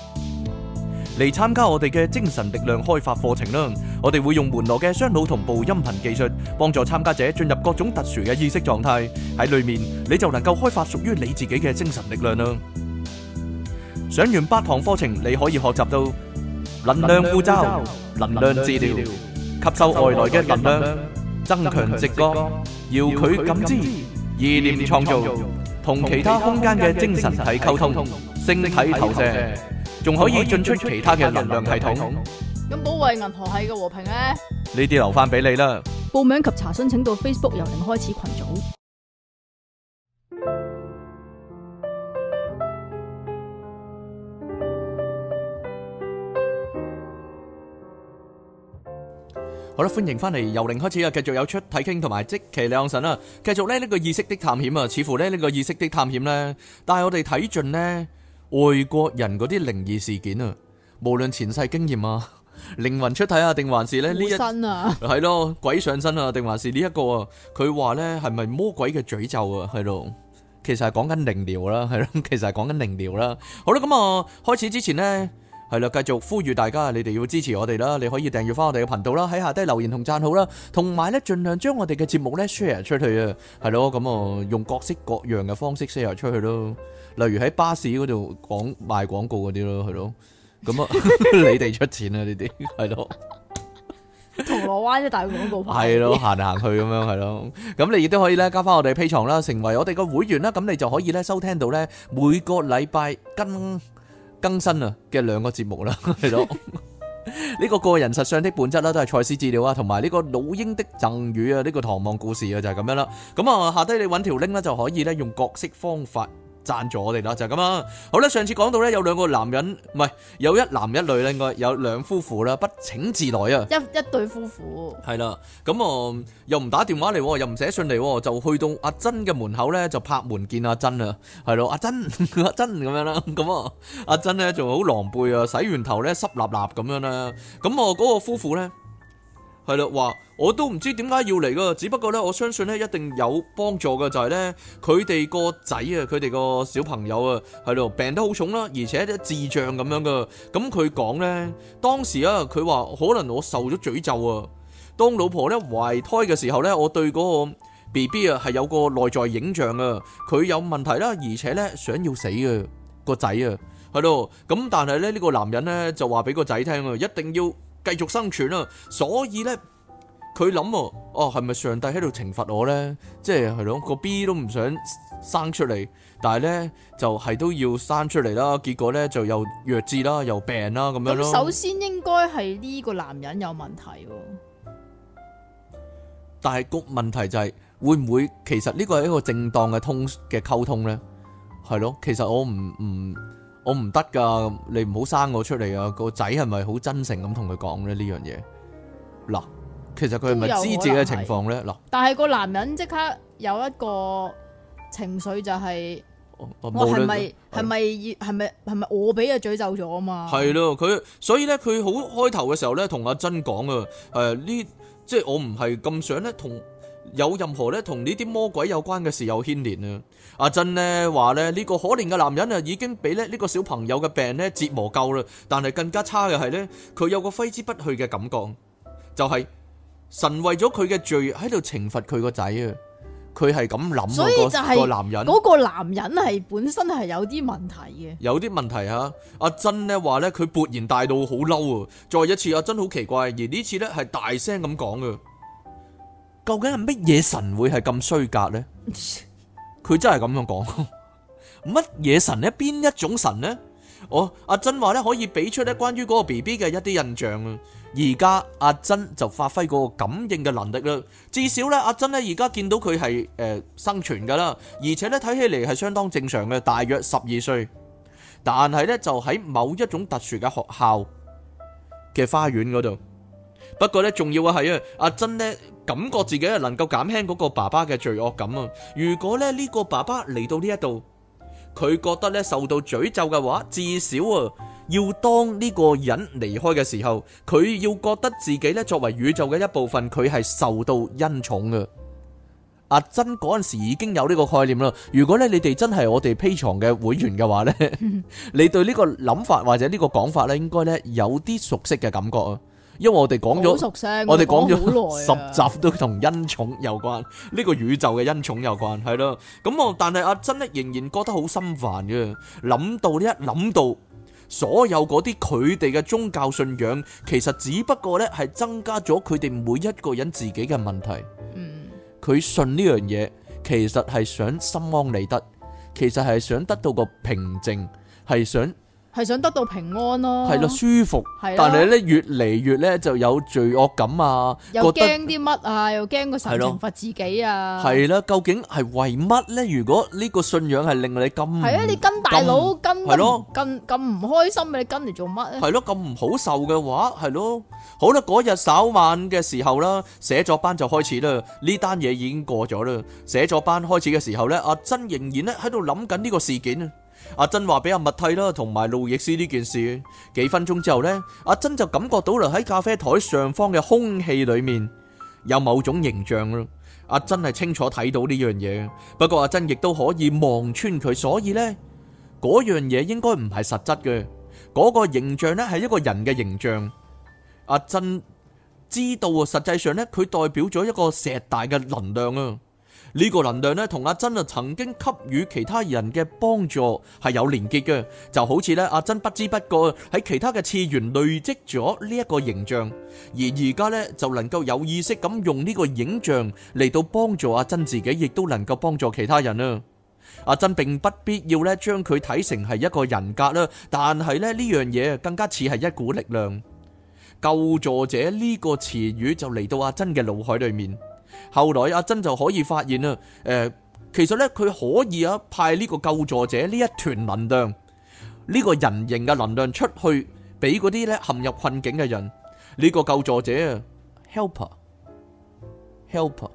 嚟參加我哋嘅精神力量開發課程啦！我哋會用門羅嘅雙腦同步音頻技術，幫助參加者進入各種特殊嘅意識狀態。喺裏面你就能夠開發屬於你自己嘅精神力量啦！上完八堂課程，你可以學習到能量護罩、能量治療、吸收外來嘅能量、增強直覺、遙距感知、意念創造、同其他空間嘅精神體溝通、星體投射。仲可以進出其他嘅能量系統。咁保衛銀河系嘅和平咧？呢啲留翻俾你啦。報名及查詢請到 Facebook 由零開始群組。好啦，歡迎翻嚟由零開始啊！繼續有出體傾同埋即期兩神啊！繼續咧呢個意識的探險啊！似乎咧呢個意識的探險咧，但係我哋睇盡咧。外國人嗰啲靈異事件啊，無論前世經驗啊，靈魂出體啊，定還是咧呢一係咯鬼上身啊，定還是呢一個？佢話咧係咪魔鬼嘅詛咒啊？係咯，其實係講緊靈療啦，係咯，其實係講緊靈療啦。好啦，咁啊，開始之前咧。係啦，繼續呼籲大家，你哋要支持我哋啦，你可以訂閱翻我哋嘅頻道啦，喺下低留言同贊好啦，同埋咧盡量將我哋嘅節目咧 share 出去啊，係咯，咁啊用各式各樣嘅方式 share 出去咯，例如喺巴士嗰度廣賣廣告嗰啲咯，係咯，咁啊 你哋出錢啊呢啲，係咯，銅鑼灣嘅大廣告牌，係咯，行行去咁樣係咯，咁你亦都可以咧加翻我哋 P 床啦，成為我哋嘅會員啦，咁你就可以咧收聽到咧每個禮拜跟。更新啊嘅兩個節目啦，係咯，呢個個人實相的本質啦，都係賽斯資料啊，同埋呢個老鷹的贈語啊，呢個唐望故事啊，就係咁樣啦。咁啊，下低你揾條 link 啦，就可以咧用角色方法。贊助我哋啦，就係咁啦。好啦，上次講到咧，有兩個男人，唔係有一男一女咧，應該有兩夫婦啦，不請自來啊！一一對夫婦係啦，咁啊又唔打電話嚟，又唔寫信嚟，就去到阿珍嘅門口咧，就拍門見阿珍啊，係咯，阿珍阿珍咁樣啦，咁啊阿珍咧仲，好狼狽啊，洗完頭咧濕立立咁樣啦，咁啊，嗰個夫婦咧。係咯，話我都唔知點解要嚟噶，只不過咧，我相信咧，一定有幫助嘅，就係咧，佢哋個仔啊，佢哋個小朋友啊，係咯，病得好重啦，而且智障咁樣噶。咁佢講咧，當時啊，佢話可能我受咗詛咒啊。當老婆咧懷胎嘅時候咧，我對嗰個 B B 啊係有個內在影像啊，佢有問題啦，而且咧想要死啊，個仔啊，係咯。咁、嗯、但係咧呢、呢個男人咧就話俾個仔聽啊，一定要。繼續生存啦，所以呢，佢諗哦，係咪上帝喺度懲罰我呢？即係係咯，個 B 都唔想生出嚟，但係呢，就係都要生出嚟啦。結果呢，就又弱智啦，又病啦咁樣咯。首先應該係呢個男人有問題，但係個問題就係會唔會其實呢個係一個正當嘅通嘅溝通呢？係咯，其實我唔唔。我唔得㗎，你唔好生我出嚟啊！個仔係咪好真誠咁同佢講咧？呢樣嘢嗱，其實佢係咪知自己嘅情況咧？嗱，喏但係個男人即刻有一個情緒就係、是啊啊、我係咪係咪係咪係咪我俾啊詛咒咗啊嘛？係咯，佢所以咧，佢好開頭嘅時候咧，同阿珍講啊，誒，呢即係我唔係咁想咧同。有任何咧同呢啲魔鬼有關嘅事有牽連啊？阿珍咧話咧呢個可憐嘅男人啊，已經俾咧呢個小朋友嘅病咧折磨夠啦，但係更加差嘅係咧，佢有個揮之不去嘅感覺，就係神為咗佢嘅罪喺度懲罰佢個仔啊！佢係咁諗啊，所以就係個個男人，嗰個男人係本身係有啲問題嘅，有啲問題啊！阿珍咧話咧佢勃然大怒，好嬲啊！再一次，阿珍好奇怪，而呢次咧係大聲咁講嘅。究竟係乜嘢神會係咁衰格呢？佢真係咁樣講，乜嘢神呢？邊一種神呢？哦，阿珍話咧可以俾出咧關於嗰個 BB 嘅一啲印象啊！而家阿珍就發揮嗰個感應嘅能力啦。至少咧，阿珍咧而家見到佢係誒生存噶啦，而且咧睇起嚟係相當正常嘅，大約十二歲。但係咧就喺某一種特殊嘅學校嘅花園嗰度。不過咧重要嘅係啊，阿珍咧。感覺自己啊能夠減輕嗰個爸爸嘅罪惡感啊！如果咧呢個爸爸嚟到呢一度，佢覺得咧受到詛咒嘅話，至少啊要當呢個人離開嘅時候，佢要覺得自己咧作為宇宙嘅一部分，佢係受到恩寵嘅。阿珍嗰陣時已經有呢個概念啦。如果咧你哋真係我哋 Patreon 嘅會員嘅話呢 你對呢個諗法或者呢個講法咧，應該咧有啲熟悉嘅感覺啊！因為我哋講咗，我哋講咗十集都同恩寵有關，呢個宇宙嘅恩寵有關，係咯。咁我但係阿珍咧仍然覺得好心煩嘅，諗到呢一諗到，所有嗰啲佢哋嘅宗教信仰，其實只不過呢係增加咗佢哋每一個人自己嘅問題。嗯，佢信呢樣嘢，其實係想心安理得，其實係想得到個平靜，係想。係想得到平安咯，啊，舒服，了但係咧越嚟越咧就有罪惡感啊，又驚啲乜啊，得了又驚個神懲罰自己啊，係啦，究竟係為乜咧？如果呢個信仰係令你咁係了啊，你跟大佬跟係咯，跟咁唔開心嘅你跟嚟做乜啊？係咯，咁唔好受嘅話係咯，好啦，嗰日稍晚嘅時候啦，寫作班就開始啦，呢單嘢已經過咗啦。寫作班開始嘅時候咧，阿珍仍然咧喺度諗緊呢個事件阿珍話俾阿麥睇啦，同埋路易斯呢件事。幾分鐘之後咧，阿珍就感覺到喺咖啡台上方嘅空氣裏面有某種形象咯。阿珍係清楚睇到呢樣嘢，不過阿珍亦都可以望穿佢，所以咧嗰樣嘢應該唔係實質嘅。嗰個形象咧係一個人嘅形象。阿珍知道實際上咧佢代表咗一個石大嘅能量啊。呢個能量呢，同阿珍啊曾經給予其他人嘅幫助係有連結嘅，就好似呢，阿珍不知不覺喺其他嘅次元累積咗呢一個形象，而而家呢，就能夠有意識咁用呢個影像嚟到幫助阿珍自己，亦都能夠幫助其他人啦。阿珍並不必要呢將佢睇成係一個人格啦，但係呢呢樣嘢更加似係一股力量。救助者呢個詞語就嚟到阿珍嘅腦海裏面。後來阿珍就可以發現啦，誒、呃，其實咧佢可以啊派呢個救助者呢一團能量呢、呢個人形嘅能量出去，俾嗰啲咧陷入困境嘅人呢、呢個救助者啊，helper，helper，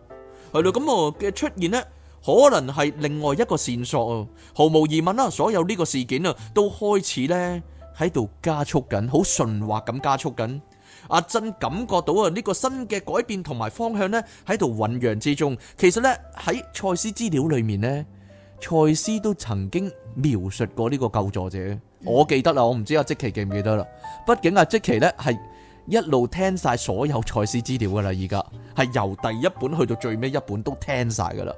係啦。咁啊嘅出現呢，可能係另外一個線索啊。毫無疑問啦，所有呢個事件啊都開始咧喺度加速緊，好順滑咁加速緊。阿珍感覺到啊，呢、這個新嘅改變同埋方向呢，喺度醞釀之中。其實呢，喺賽斯資料裏面呢，賽斯都曾經描述過呢個救助者。我記得啦，我唔知阿積奇記唔記得啦。畢竟阿積奇呢係一路聽晒所有賽斯資料噶啦，而家係由第一本去到最尾一本都聽晒噶啦。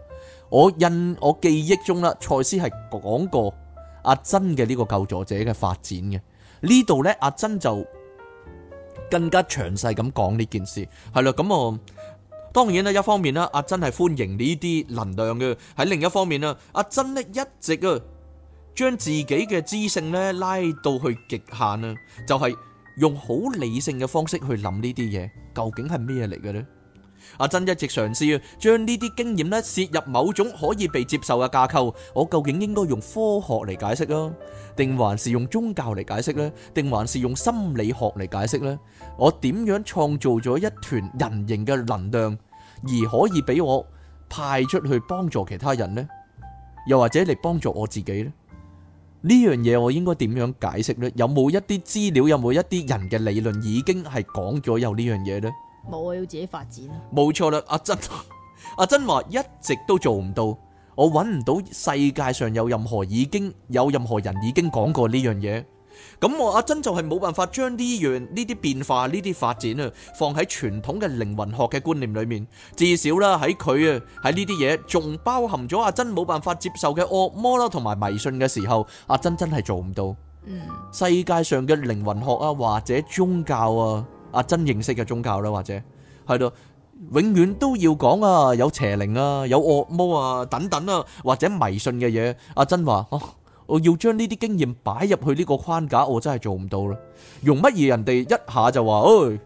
我印我記憶中啦，賽斯係講過阿珍嘅呢個救助者嘅發展嘅。呢度呢，阿珍就。更加詳細咁講呢件事，係啦，咁、嗯、我當然咧一方面咧，阿珍係歡迎呢啲能量嘅；喺另一方面咧，阿珍咧一直啊將自己嘅知性呢拉到去極限啊，就係、是、用好理性嘅方式去諗呢啲嘢，究竟係咩嚟嘅呢？阿珍一直嘗試啊，將呢啲經驗呢攝入某種可以被接受嘅架構。我究竟應該用科學嚟解釋啊，定還是用宗教嚟解釋呢？定還是用心理學嚟解釋呢？我點樣創造咗一團人形嘅能量，而可以俾我派出去幫助其他人呢？又或者嚟幫助我自己呢？呢樣嘢我應該點樣解釋呢？有冇一啲資料，有冇一啲人嘅理論已經係講咗有呢樣嘢呢？冇啊，我要自己發展。冇錯啦，阿珍。阿珍話一直都做唔到，我揾唔到世界上有任何已經有任何人已經講過呢樣嘢。咁我阿珍就係冇辦法將呢樣呢啲變化呢啲發展啊，放喺傳統嘅靈魂學嘅觀念裏面。至少啦，喺佢啊，喺呢啲嘢仲包含咗阿珍冇辦法接受嘅惡魔啦，同埋迷信嘅時候，阿珍真係做唔到。嗯，世界上嘅靈魂學啊，或者宗教啊。阿珍認識嘅宗教啦，或者係咯，永遠都要講啊，有邪靈啊，有惡魔啊，等等啊，或者迷信嘅嘢。阿珍話，我我要將呢啲經驗擺入去呢個框架，我真係做唔到啦。用乜嘢人哋一下就話，哎，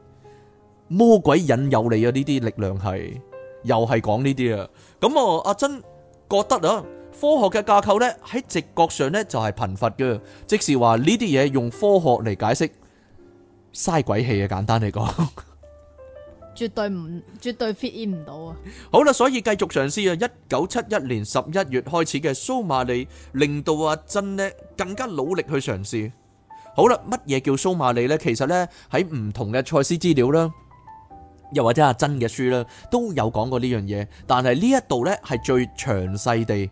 魔鬼引誘你啊！呢啲力量係又係講呢啲啊。咁啊，阿珍覺得啊，科學嘅架構呢，喺直覺上呢就係貧乏嘅，即是話呢啲嘢用科學嚟解釋。嘥鬼氣嘅，簡單嚟講， 絕對唔絕對 fit in 唔到啊！好啦，所以繼續嘗試啊！一九七一年十一月開始嘅蘇馬利，令到阿珍呢更加努力去嘗試。好啦，乜嘢叫蘇馬利呢？其實呢，喺唔同嘅賽斯資料啦，又或者阿珍嘅書啦，都有講過呢樣嘢。但係呢一度呢，係最詳細地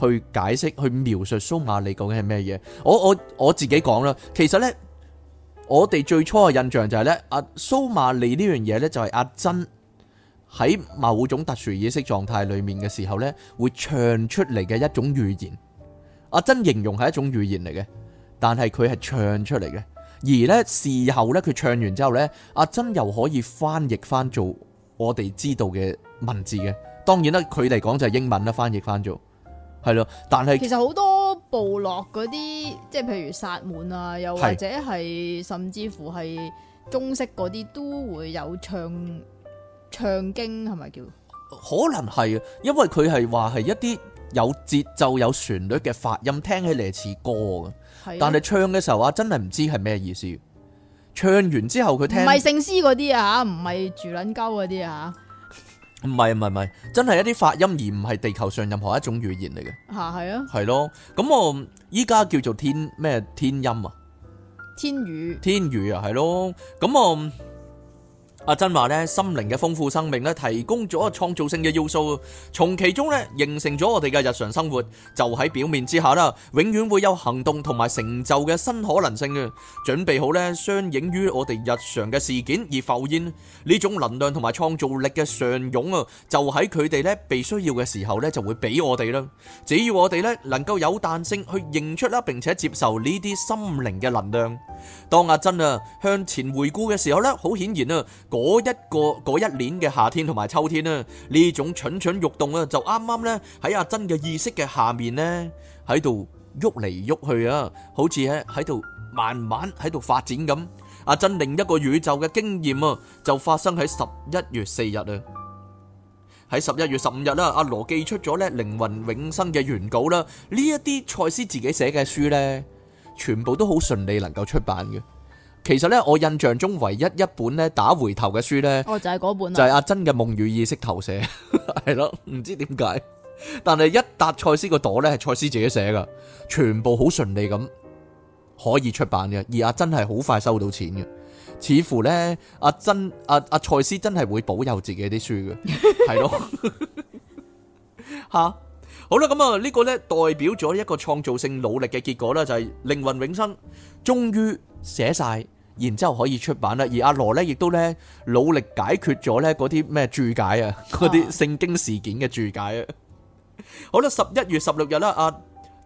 去解釋、去描述蘇馬利究竟係咩嘢。我我我自己講啦，其實呢。我哋最初嘅印象就係咧，阿蘇馬利呢樣嘢咧就係阿珍喺某種特殊意識狀態裏面嘅時候咧，會唱出嚟嘅一種語言。阿珍形容係一種語言嚟嘅，但係佢係唱出嚟嘅。而呢事後咧，佢唱完之後咧，阿珍又可以翻譯翻做我哋知道嘅文字嘅。當然啦，佢嚟講就係英文啦，翻譯翻做。係咯，但係其實好多部落嗰啲，即係譬如薩滿啊，又或者係的甚至乎係中式嗰啲，都會有唱唱經，係咪叫？可能係啊，因為佢係話係一啲有節奏、有旋律嘅發音，聽起嚟似歌嘅。的但係唱嘅時候啊，真係唔知係咩意思。唱完之後佢聽，唔係聖詩嗰啲啊，唔係住撚鳩嗰啲啊。唔係唔係唔係，真係一啲發音而唔係地球上任何一種語言嚟嘅吓？係啊，係咯。咁我依家叫做天咩天音啊？天語天語啊？係咯，咁我。阿珍話呢心靈嘅豐富生命呢，提供咗創造性嘅要素，從其中呢，形成咗我哋嘅日常生活。就喺表面之下啦，永遠會有行動同埋成就嘅新可能性嘅。準備好呢，相應於我哋日常嘅事件而浮現呢種能量同埋創造力嘅上湧啊！就喺佢哋呢，被需要嘅時候呢，就會俾我哋啦。只要我哋呢，能夠有彈性去認出啦，並且接受呢啲心靈嘅能量。當阿珍啊向前回顧嘅時候呢，好顯然啊。嗰一個嗰一年嘅夏天同埋秋天啦，呢種蠢蠢欲動啊，就啱啱呢喺阿珍嘅意識嘅下面呢，喺度喐嚟喐去啊，好似喺喺度慢慢喺度發展咁。阿珍另一個宇宙嘅經驗啊，就發生喺十一月四日啊，喺十一月十五日啦，阿羅寄出咗呢靈魂永生嘅原稿啦，呢一啲，賽斯自己寫嘅書呢，全部都好順利能夠出版嘅。其實咧，我印象中唯一一本咧打回頭嘅書咧，哦就係嗰本，就係、是、阿珍嘅《夢與意識投射，》 係咯，唔知點解。但係一打賽斯個朵咧係賽斯自己寫噶，全部好順利咁可以出版嘅，而阿珍係好快收到錢嘅，似乎咧阿珍阿阿賽斯真係會保佑自己啲書嘅，係咯，吓。好啦，咁啊，呢個呢代表咗一個創造性努力嘅結果啦，就係靈魂永生終於寫晒，然之後可以出版啦。而阿羅呢，亦都呢努力解決咗呢嗰啲咩注解啊，嗰啲聖經事件嘅注解 啊。好啦，十一月十六日啦，阿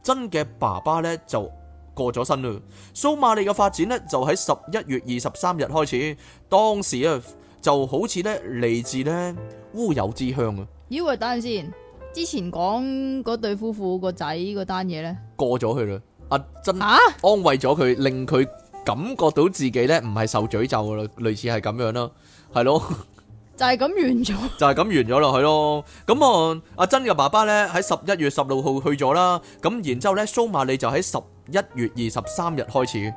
珍嘅爸爸呢就過咗身啦。蘇馬利嘅發展呢，就喺十一月二十三日開始，當時啊就好似呢嚟自呢烏有之鄉啊。咦？等陣先。之前講嗰對夫婦個仔嗰單嘢咧，過咗去啦。阿珍安慰咗佢，令佢感覺到自己咧唔係受詛咒噶啦，類似係咁樣咯，係咯，就係咁完咗，就係咁完咗啦，係咯。咁啊，阿珍嘅爸爸咧喺十一月十六號去咗啦。咁然之後咧，蘇馬利就喺十一月二十三日開始。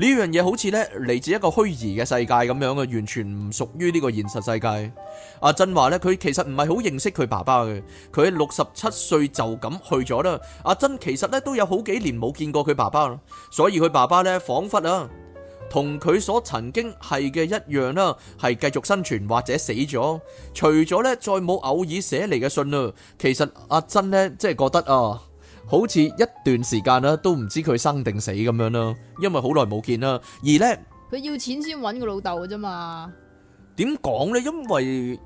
呢樣嘢好似呢嚟自一個虛擬嘅世界咁樣嘅，完全唔屬於呢個現實世界。阿珍話呢，佢其實唔係好認識佢爸爸嘅，佢六十七歲就咁去咗啦。阿珍其實呢都有好幾年冇見過佢爸爸，所以佢爸爸呢，仿佛啊，同佢所曾經係嘅一樣啦，係繼續生存或者死咗，除咗呢，再冇偶爾寫嚟嘅信啊。其實阿珍呢，即係覺得啊。好似一段時間啦，都唔知佢生定死咁樣啦，因為好耐冇見啦。而呢，佢要錢先揾個老豆嘅啫嘛。點講呢？因為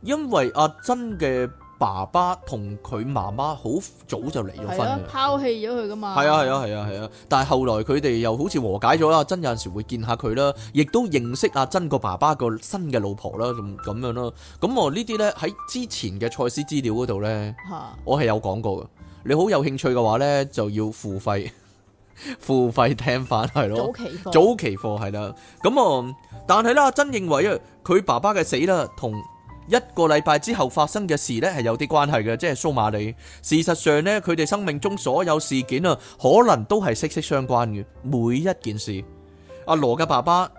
因為阿珍嘅爸爸同佢媽媽好早就離咗婚，係咯、啊，拋棄咗佢噶嘛。係啊，係啊，係啊，係啊，啊。但係後來佢哋又好似和解咗啦。阿珍有陣時會見下佢啦，亦都認識阿珍個爸爸個新嘅老婆啦，咁樣咯。咁我呢啲呢，喺之前嘅賽斯資料嗰度呢，我係有講過嘅。你好有興趣嘅話咧，就要付費付費聽翻係咯，早期課早期課係啦。咁啊，但係咧，珍認為啊，佢爸爸嘅死啦，同一個禮拜之後發生嘅事咧，係有啲關係嘅，即係蘇馬利。事實上咧，佢哋生命中所有事件啊，可能都係息息相關嘅每一件事。阿羅嘅爸爸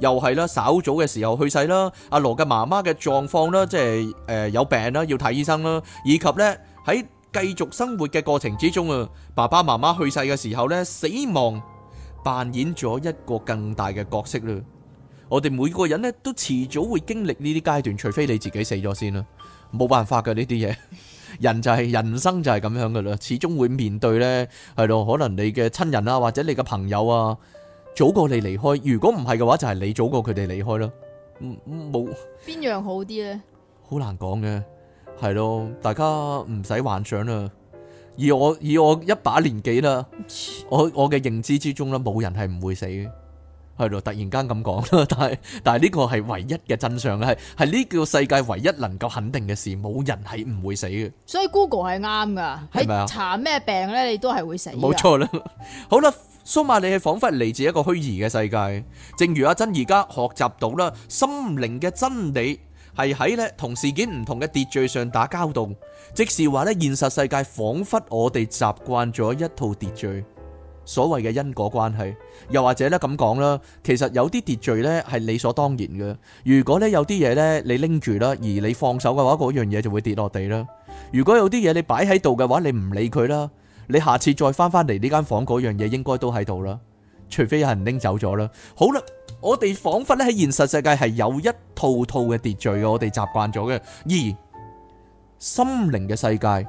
又係啦，稍早嘅時候去世啦。阿羅嘅媽媽嘅狀況啦，即係誒有病啦，要睇醫生啦，以及咧喺繼續生活嘅過程之中啊，爸爸媽媽去世嘅時候呢，死亡扮演咗一個更大嘅角色嘞，我哋每個人呢都遲早會經歷呢啲階段，除非你自己死咗先啦，冇辦法噶呢啲嘢。人就係，人生就係咁樣噶啦，始終會面對呢。係咯，可能你嘅親人啊，或者你嘅朋友啊，早過你離開。如果唔係嘅話，就係你早過佢哋離開啦。冇邊樣好啲呢？好難講嘅。係咯，大家唔使幻想啦。而我以我一把年紀啦，我我嘅認知之中咧，冇人係唔會死嘅。係咯，突然間咁講啦，但係但係呢個係唯一嘅真相咧，係係呢個世界唯一能夠肯定嘅事，冇人係唔會死嘅。所以 Google 係啱噶，係咪啊？你查咩病咧，你都係會死。冇錯啦。好啦，蘇馬利係仿佛嚟自一個虛擬嘅世界，正如阿珍而家學習到啦，心靈嘅真理。係喺咧同事件唔同嘅秩序上打交道，即是話咧現實世界仿佛我哋習慣咗一套秩序，所謂嘅因果關係，又或者咧咁講啦，其實有啲秩序咧係理所當然嘅。如果咧有啲嘢咧你拎住啦，而你放手嘅話，嗰樣嘢就會跌落地啦。如果有啲嘢你擺喺度嘅話，你唔理佢啦，你下次再翻翻嚟呢間房，嗰樣嘢應該都喺度啦。除非有人拎走咗啦。好啦，我哋仿佛咧喺現實世界係有一套套嘅秩序嘅，我哋習慣咗嘅。而心靈嘅世界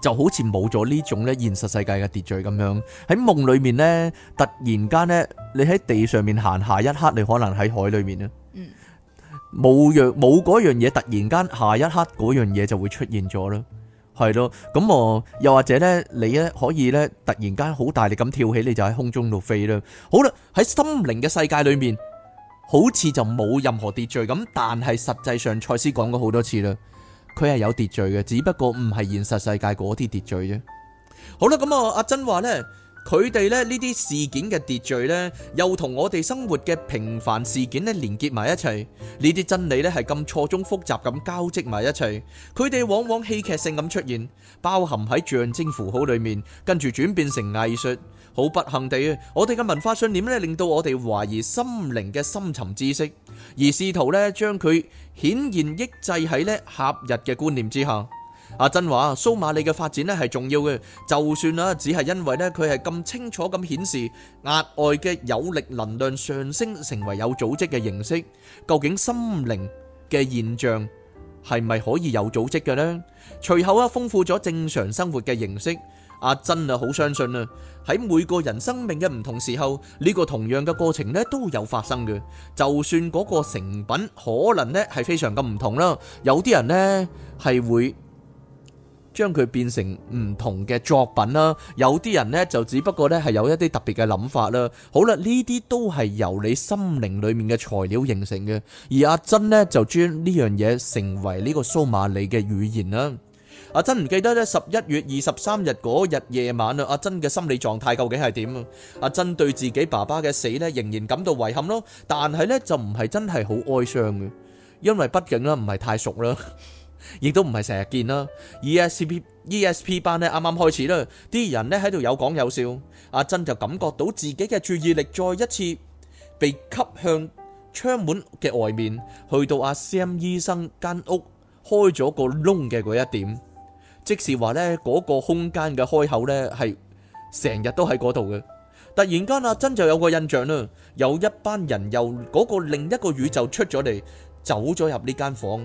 就好似冇咗呢種咧現實世界嘅秩序咁樣，喺夢裏面呢，突然間呢，你喺地上面行，下一刻你可能喺海裏面啦。嗯，冇樣冇嗰樣嘢，突然間下一刻嗰樣嘢就會出現咗啦。係咯，咁我又或者呢，你呢可以呢，突然間好大力咁跳起，你就喺空中度飛啦。好啦，喺心靈嘅世界裏面，好似就冇任何秩序咁，但係實際上賽斯講過好多次啦，佢係有秩序嘅，只不過唔係現實世界嗰啲秩序啫。好啦，咁啊，阿珍話呢。佢哋咧呢啲事件嘅秩序呢，又同我哋生活嘅平凡事件呢，連結埋一齊。呢啲真理呢，係咁錯綜複雜咁交織埋一齊。佢哋往往戲劇性咁出現，包含喺象徵符號裏面，跟住轉變成藝術。好不幸地啊，我哋嘅文化信念呢，令到我哋懷疑心靈嘅深沉知識，而試圖呢，將佢顯然抑制喺呢狹隘嘅觀念之下。阿珍話，蘇馬利嘅發展呢係重要嘅。就算啦，只係因為佢係咁清楚咁顯示，額外嘅有力能量上升成為有組織嘅形式。究竟心靈嘅現象係咪可以有組織嘅呢？隨後啊，豐富咗正常生活嘅形式。阿珍好相信，喺每個人生命嘅唔同時候，呢個同樣嘅過程都有發生嘅。就算嗰個成品可能係非常咁唔同啦。有啲人呢係會將佢變成唔同嘅作品啦，有啲人呢，就只不過呢係有一啲特別嘅諗法啦。好啦，呢啲都係由你心靈裏面嘅材料形成嘅。而阿珍呢，就將呢樣嘢成為呢個蘇馬利嘅語言啦。阿珍唔記得呢十一月二十三日嗰日夜晚啊，阿珍嘅心理狀態究竟係點啊？阿珍對自己爸爸嘅死呢，仍然感到遺憾咯，但係呢，就唔係真係好哀傷嘅，因為畢竟呢，唔係太熟啦。 亦都唔係成日見啦，E S P E S P 班咧，啱啱開始啦，啲人咧喺度有講有笑，阿珍就感覺到自己嘅注意力再一次被吸向窗門嘅外面，去到阿 Sam 醫生間屋開咗個窿嘅嗰一點，即是話呢嗰個空間嘅開口呢係成日都喺嗰度嘅。突然間，阿珍就有個印象啦，有一班人由嗰個另一個宇宙出咗嚟，走咗入呢間房。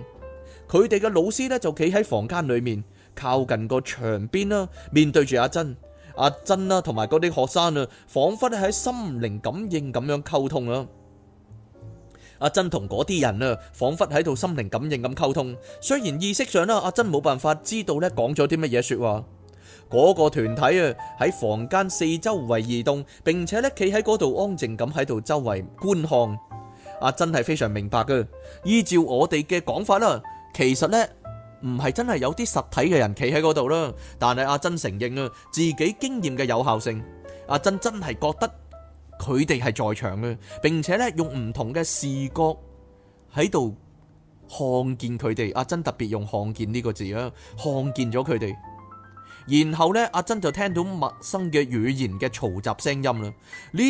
佢哋嘅老師咧就企喺房間裏面，靠近個牆邊啦，面對住阿珍、阿珍啦，同埋嗰啲學生啊，仿佛喺心靈感應咁樣溝通啊。阿珍同嗰啲人啊，仿佛喺度心靈感應咁溝通。雖然意識上咧，阿珍冇辦法知道咧講咗啲乜嘢說話。嗰個團體啊喺房間四周圍移動，並且咧企喺嗰度安靜咁喺度周圍觀看。阿珍係非常明白嘅，依照我哋嘅講法啦。其實呢，唔係真係有啲實體嘅人企喺嗰度啦。但係阿珍承認啊，自己經驗嘅有效性。阿珍真係覺得佢哋係在場嘅，並且呢，用唔同嘅視覺喺度看見佢哋。阿珍特別用看見呢個字啊，看見咗佢哋。然後呢，阿珍就聽到陌生嘅語言嘅嘈雜聲音啦。呢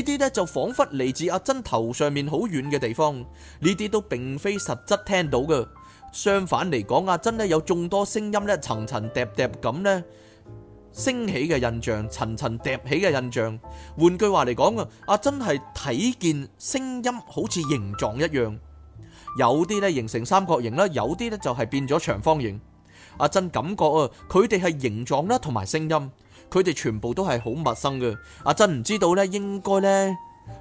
啲呢，就仿佛嚟自阿珍頭上面好遠嘅地方。呢啲都並非實質聽到嘅。相反嚟講啊，珍咧有眾多聲音咧，層層疊疊咁咧升起嘅印象，層層疊起嘅印象。換句話嚟講啊，阿珍係睇見聲音好似形狀一樣，有啲咧形成三角形啦，有啲咧就係變咗長方形。阿珍感覺啊，佢哋係形狀啦，同埋聲音，佢哋全部都係好陌生嘅。阿珍唔知道咧，應該咧。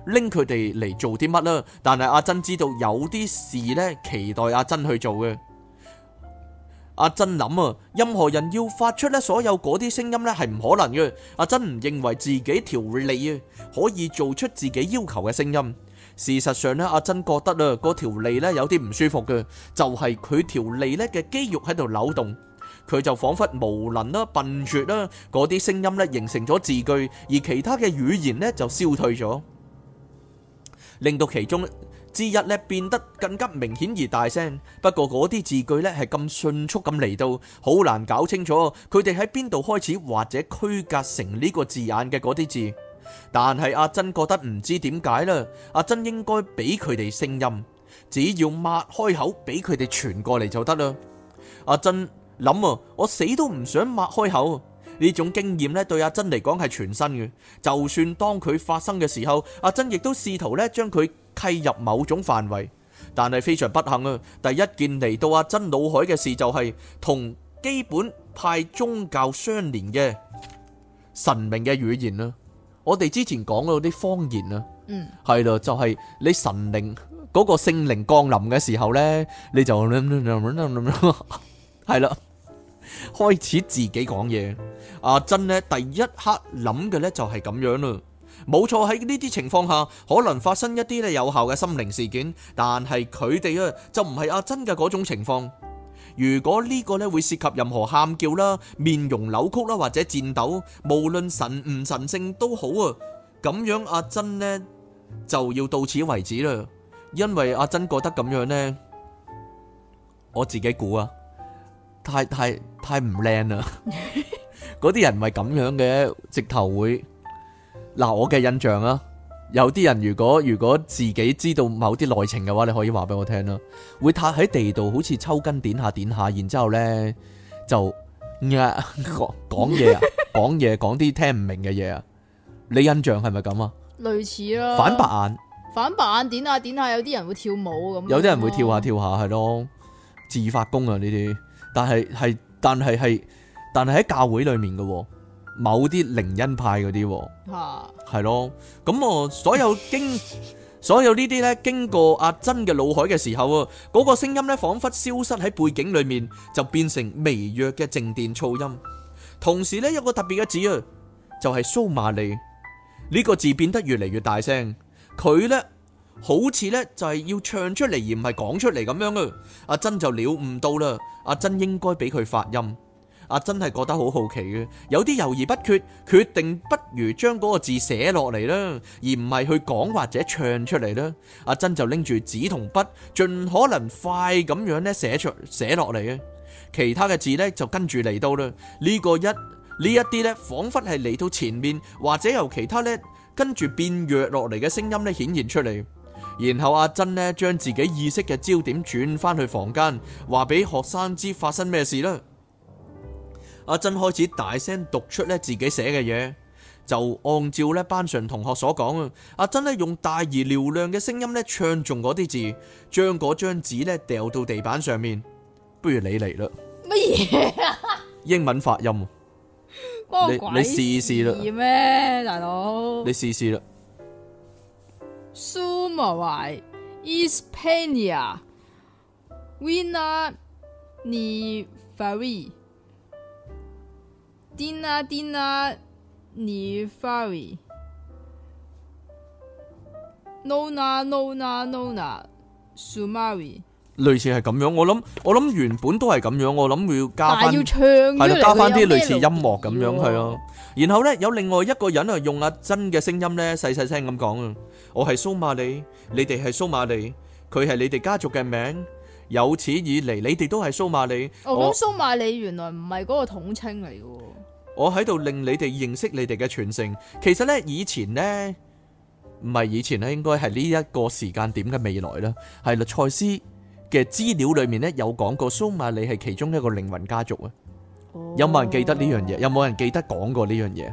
拎佢哋嚟做啲乜啦？但係阿珍知道有啲事呢，期待阿珍去做嘅。阿珍諗啊，任何人要發出呢所有嗰啲聲音呢，係唔可能嘅。阿珍唔認為自己條脷啊可以做出自己要求嘅聲音。事實上呢，阿珍覺得啊，嗰條脷呢有啲唔舒服嘅，就係、是、佢條脷呢嘅肌肉喺度扭動，佢就仿佛無能啦、笨拙啦，嗰啲聲音呢形成咗字句，而其他嘅語言呢就消退咗。令到其中之一咧變得更加明顯而大聲，不過嗰啲字句咧係咁迅速咁嚟到，好難搞清楚佢哋喺邊度開始或者區隔成呢個字眼嘅嗰啲字。但係阿珍覺得唔知點解啦，阿珍應該俾佢哋聲音，只要擘開口俾佢哋傳過嚟就得啦。阿珍諗啊，我死都唔想擘開口。呢種經驗咧，對阿珍嚟講係全新嘅。就算當佢發生嘅時候，阿珍亦都試圖咧將佢契入某種範圍，但係非常不幸啊！第一件嚟到阿珍腦海嘅事就係同基本派宗教相連嘅神明嘅語言啦。我哋之前講過啲方言啊，嗯，係咯，就係你神靈嗰個聖靈降臨嘅時候咧，你就係啦。開始自己講嘢，阿珍呢，第一刻諗嘅呢就係咁樣啦，冇錯，喺呢啲情況下可能發生一啲呢有效嘅心靈事件，但係佢哋啊就唔係阿珍嘅嗰種情況。如果呢個呢會涉及任何喊叫啦、面容扭曲啦或者顫抖，無論神唔神聖都好啊，咁樣阿珍呢，就要到此為止啦，因為阿珍覺得咁樣呢，我自己估啊。太太太唔靚啦！嗰 啲人唔係咁樣嘅，直頭會。嗱，我嘅印象啊。有啲人如果如果自己知道某啲內情嘅話，你可以話俾我聽啦。會塌喺地度，好似抽筋點下點下，然之後咧就呀、呃、講講嘢啊，講嘢講啲聽唔明嘅嘢啊。你印象係咪咁啊？類似啦，反白眼，反白眼點下點下，有啲人會跳舞咁，有啲人會跳下、啊、跳下係咯，自發功啊呢啲。但係係，但係係，但係喺教會裏面嘅喎，某啲靈恩派嗰啲喎，係咯，咁我所有經，所有呢啲咧經過阿珍嘅腦海嘅時候啊，嗰個聲音咧彷彿消失喺背景裏面，就變成微弱嘅靜電噪音。同時咧有個特別嘅字啊，就係蘇馬利，呢個字變得越嚟越大聲，佢咧。好似呢，就係要唱出嚟而唔係講出嚟咁樣啊！阿珍就了悟到啦，阿珍應該俾佢發音。阿珍係覺得好好奇嘅，有啲猶豫不決，決定不如將嗰個字寫落嚟啦，而唔係去講或者唱出嚟啦。阿珍就拎住紙同筆，盡可能快咁樣咧寫出寫落嚟啊！其他嘅字呢，就跟住嚟到啦，呢、呢個一呢一啲呢，仿佛係嚟到前面或者由其他呢，跟住變弱落嚟嘅聲音呢，顯現出嚟。然後阿珍咧將自己意識嘅焦點轉翻去房間，話俾學生知發生咩事啦。阿珍開始大聲讀出咧自己寫嘅嘢，就按照咧班上同學所講，阿珍咧用大而嘹亮嘅聲音咧唱中嗰啲字，將嗰張紙咧掉到地板上面。不如你嚟啦，乜嘢什麼 英文發音，過你你試試啦。大佬？你試試啦。Sumari, España, Vina, ni fairy, Dina, Dina, ni fairy, Nona, Nona, Nona, Sumari。類似係咁樣，我諗我諗原本都係咁樣，我諗要加翻，係啦，加翻啲類似音樂咁樣，係咯。然後咧，有另外一個人啊，用阿珍嘅聲音咧，細細聲咁講啊。我係蘇馬利，你哋係蘇馬利，佢係你哋家族嘅名。有史以嚟，你哋都係蘇馬利。我哦，咁蘇馬利原來唔係嗰個統稱嚟嘅。我喺度令你哋認識你哋嘅傳承。其實呢，以前呢，唔係以前咧，應該係呢一個時間點嘅未來啦。係啦，賽斯嘅資料裏面呢，有講過蘇馬利係其中一個靈魂家族啊。哦、有冇人記得呢樣嘢？有冇人記得講過呢樣嘢？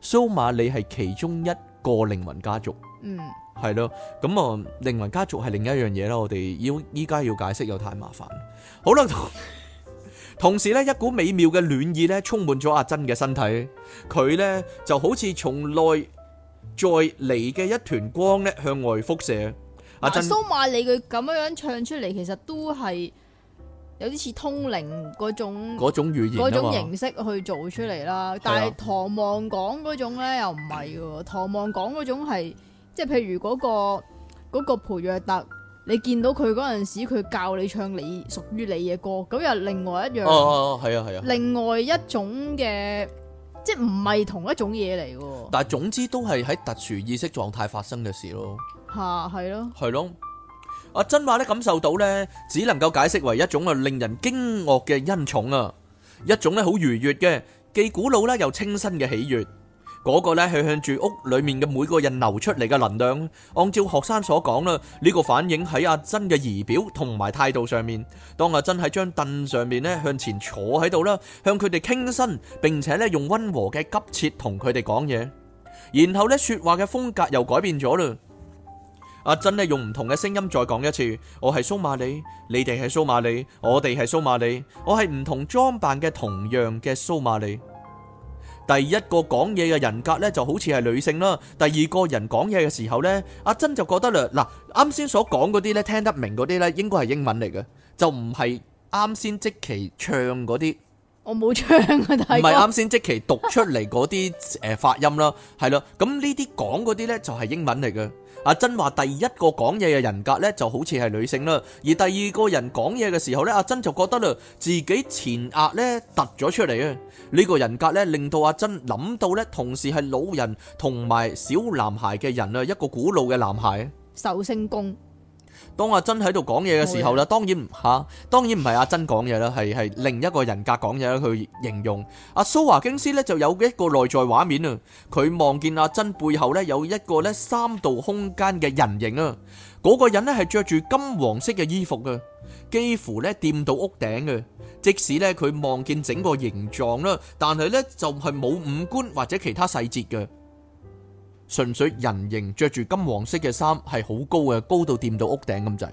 蘇馬利係其中一個靈魂家族，嗯，係咯，咁啊，靈魂家族係另一樣嘢啦。我哋要依家要解釋又太麻煩，好啦。同時咧，一股美妙嘅暖意咧，充滿咗阿珍嘅身體，佢咧就好似從內再嚟嘅一團光咧，向外輻射。阿珍蘇瑪、啊、利佢咁樣樣唱出嚟，其實都係。有啲似通靈嗰種嗰種語言嗰種形式去做出嚟啦，嗯、但係唐望講嗰種咧又唔係嘅，唐望講嗰種係即係譬如嗰，嗰個嗰，嗰個培若特，你見到佢嗰陣時，佢教你唱你屬於你嘅歌，咁又另外一樣，哦哦係啊係啊，啊啊啊另外一種嘅，即係唔係同一種嘢嚟嘅，但係總之都係喺特殊意識狀態發生嘅事咯，吓係咯，係咯、啊。阿珍話咧感受到咧，只能夠解釋為一種啊令人驚愕嘅恩寵啊，一種咧好愉悅嘅，既古老咧又清新嘅喜悅。嗰個咧係向住屋裏面嘅每個人流出嚟嘅能量。按照學生所講啦，呢個反映喺阿珍嘅儀表同埋態度上面。當阿珍喺張凳上面咧向前坐喺度啦，向佢哋傾身，並且咧用溫和嘅急切同佢哋講嘢，然後咧說話嘅風格又改變咗啦。阿珍咧用唔同嘅聲音再講一次，我係蘇馬利，你哋係蘇馬利，我哋係蘇馬利，我係唔同裝扮嘅同樣嘅蘇馬利。第一個講嘢嘅人格咧就好似係女性啦，第二個人講嘢嘅時候咧，阿珍就覺得咧嗱，啱先，所講嗰啲咧聽得明嗰啲咧應該係英文嚟嘅，就唔係啱先即期唱嗰啲。我冇唱啊，大哥。唔係啱先即期讀出嚟嗰啲誒發音啦，係咯，咁呢啲講嗰啲咧就係英文嚟嘅。阿珍話第一個講嘢嘅人格呢就好似係女性啦，而第二個人講嘢嘅時候呢，阿珍就覺得啦，自己前額呢突咗出嚟啊！呢、呢個人格呢令到阿珍諗到呢，同時係老人同埋小男孩嘅人啊，一個古老嘅男孩。壽星公。當阿珍喺度講嘢嘅時候咧，當然唔吓，當然唔係阿珍講嘢啦，係係另一個人格講嘢啦。去形容阿蘇華京師咧，就有一個內在畫面啊，佢望見阿珍背後咧，有一個咧三度空間嘅人形啊，嗰個人咧，係着住金黃色嘅衣服噶，幾乎咧掂到屋頂噶，即使咧佢望見整個形狀啦，但係咧，就係冇五官或者其他細節嘅。純粹人形，着住金黃色嘅衫，係好高嘅，高到掂到屋頂咁滯。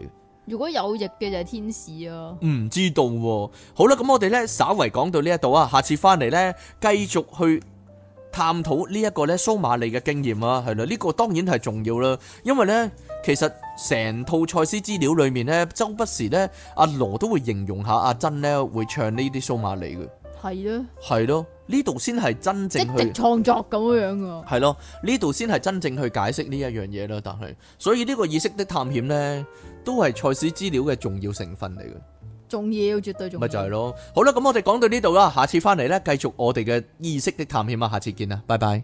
如果有翼嘅就係天使啊！唔知道喎、啊。好啦，咁我哋呢，稍為講到呢一度啊，下次翻嚟呢，繼續去探討呢一個咧蘇馬利嘅經驗啊，係啦，呢、呢個當然係重要啦，因為呢，其實成套賽斯資料裏面呢，周不時呢，阿羅都會形容下阿珍呢會唱呢啲蘇馬利嘅。係咯，係咯，呢度先係真正去創作咁樣樣啊！係咯，呢度先係真正去解釋呢一樣嘢啦。但係，所以呢個意識的探險呢，都係賽斯資料嘅重要成分嚟嘅，重要絕對重要。咪就係咯，好啦，咁我哋講到呢度啦，下次翻嚟呢，繼續我哋嘅意識的探險啊！下次見啦，拜拜。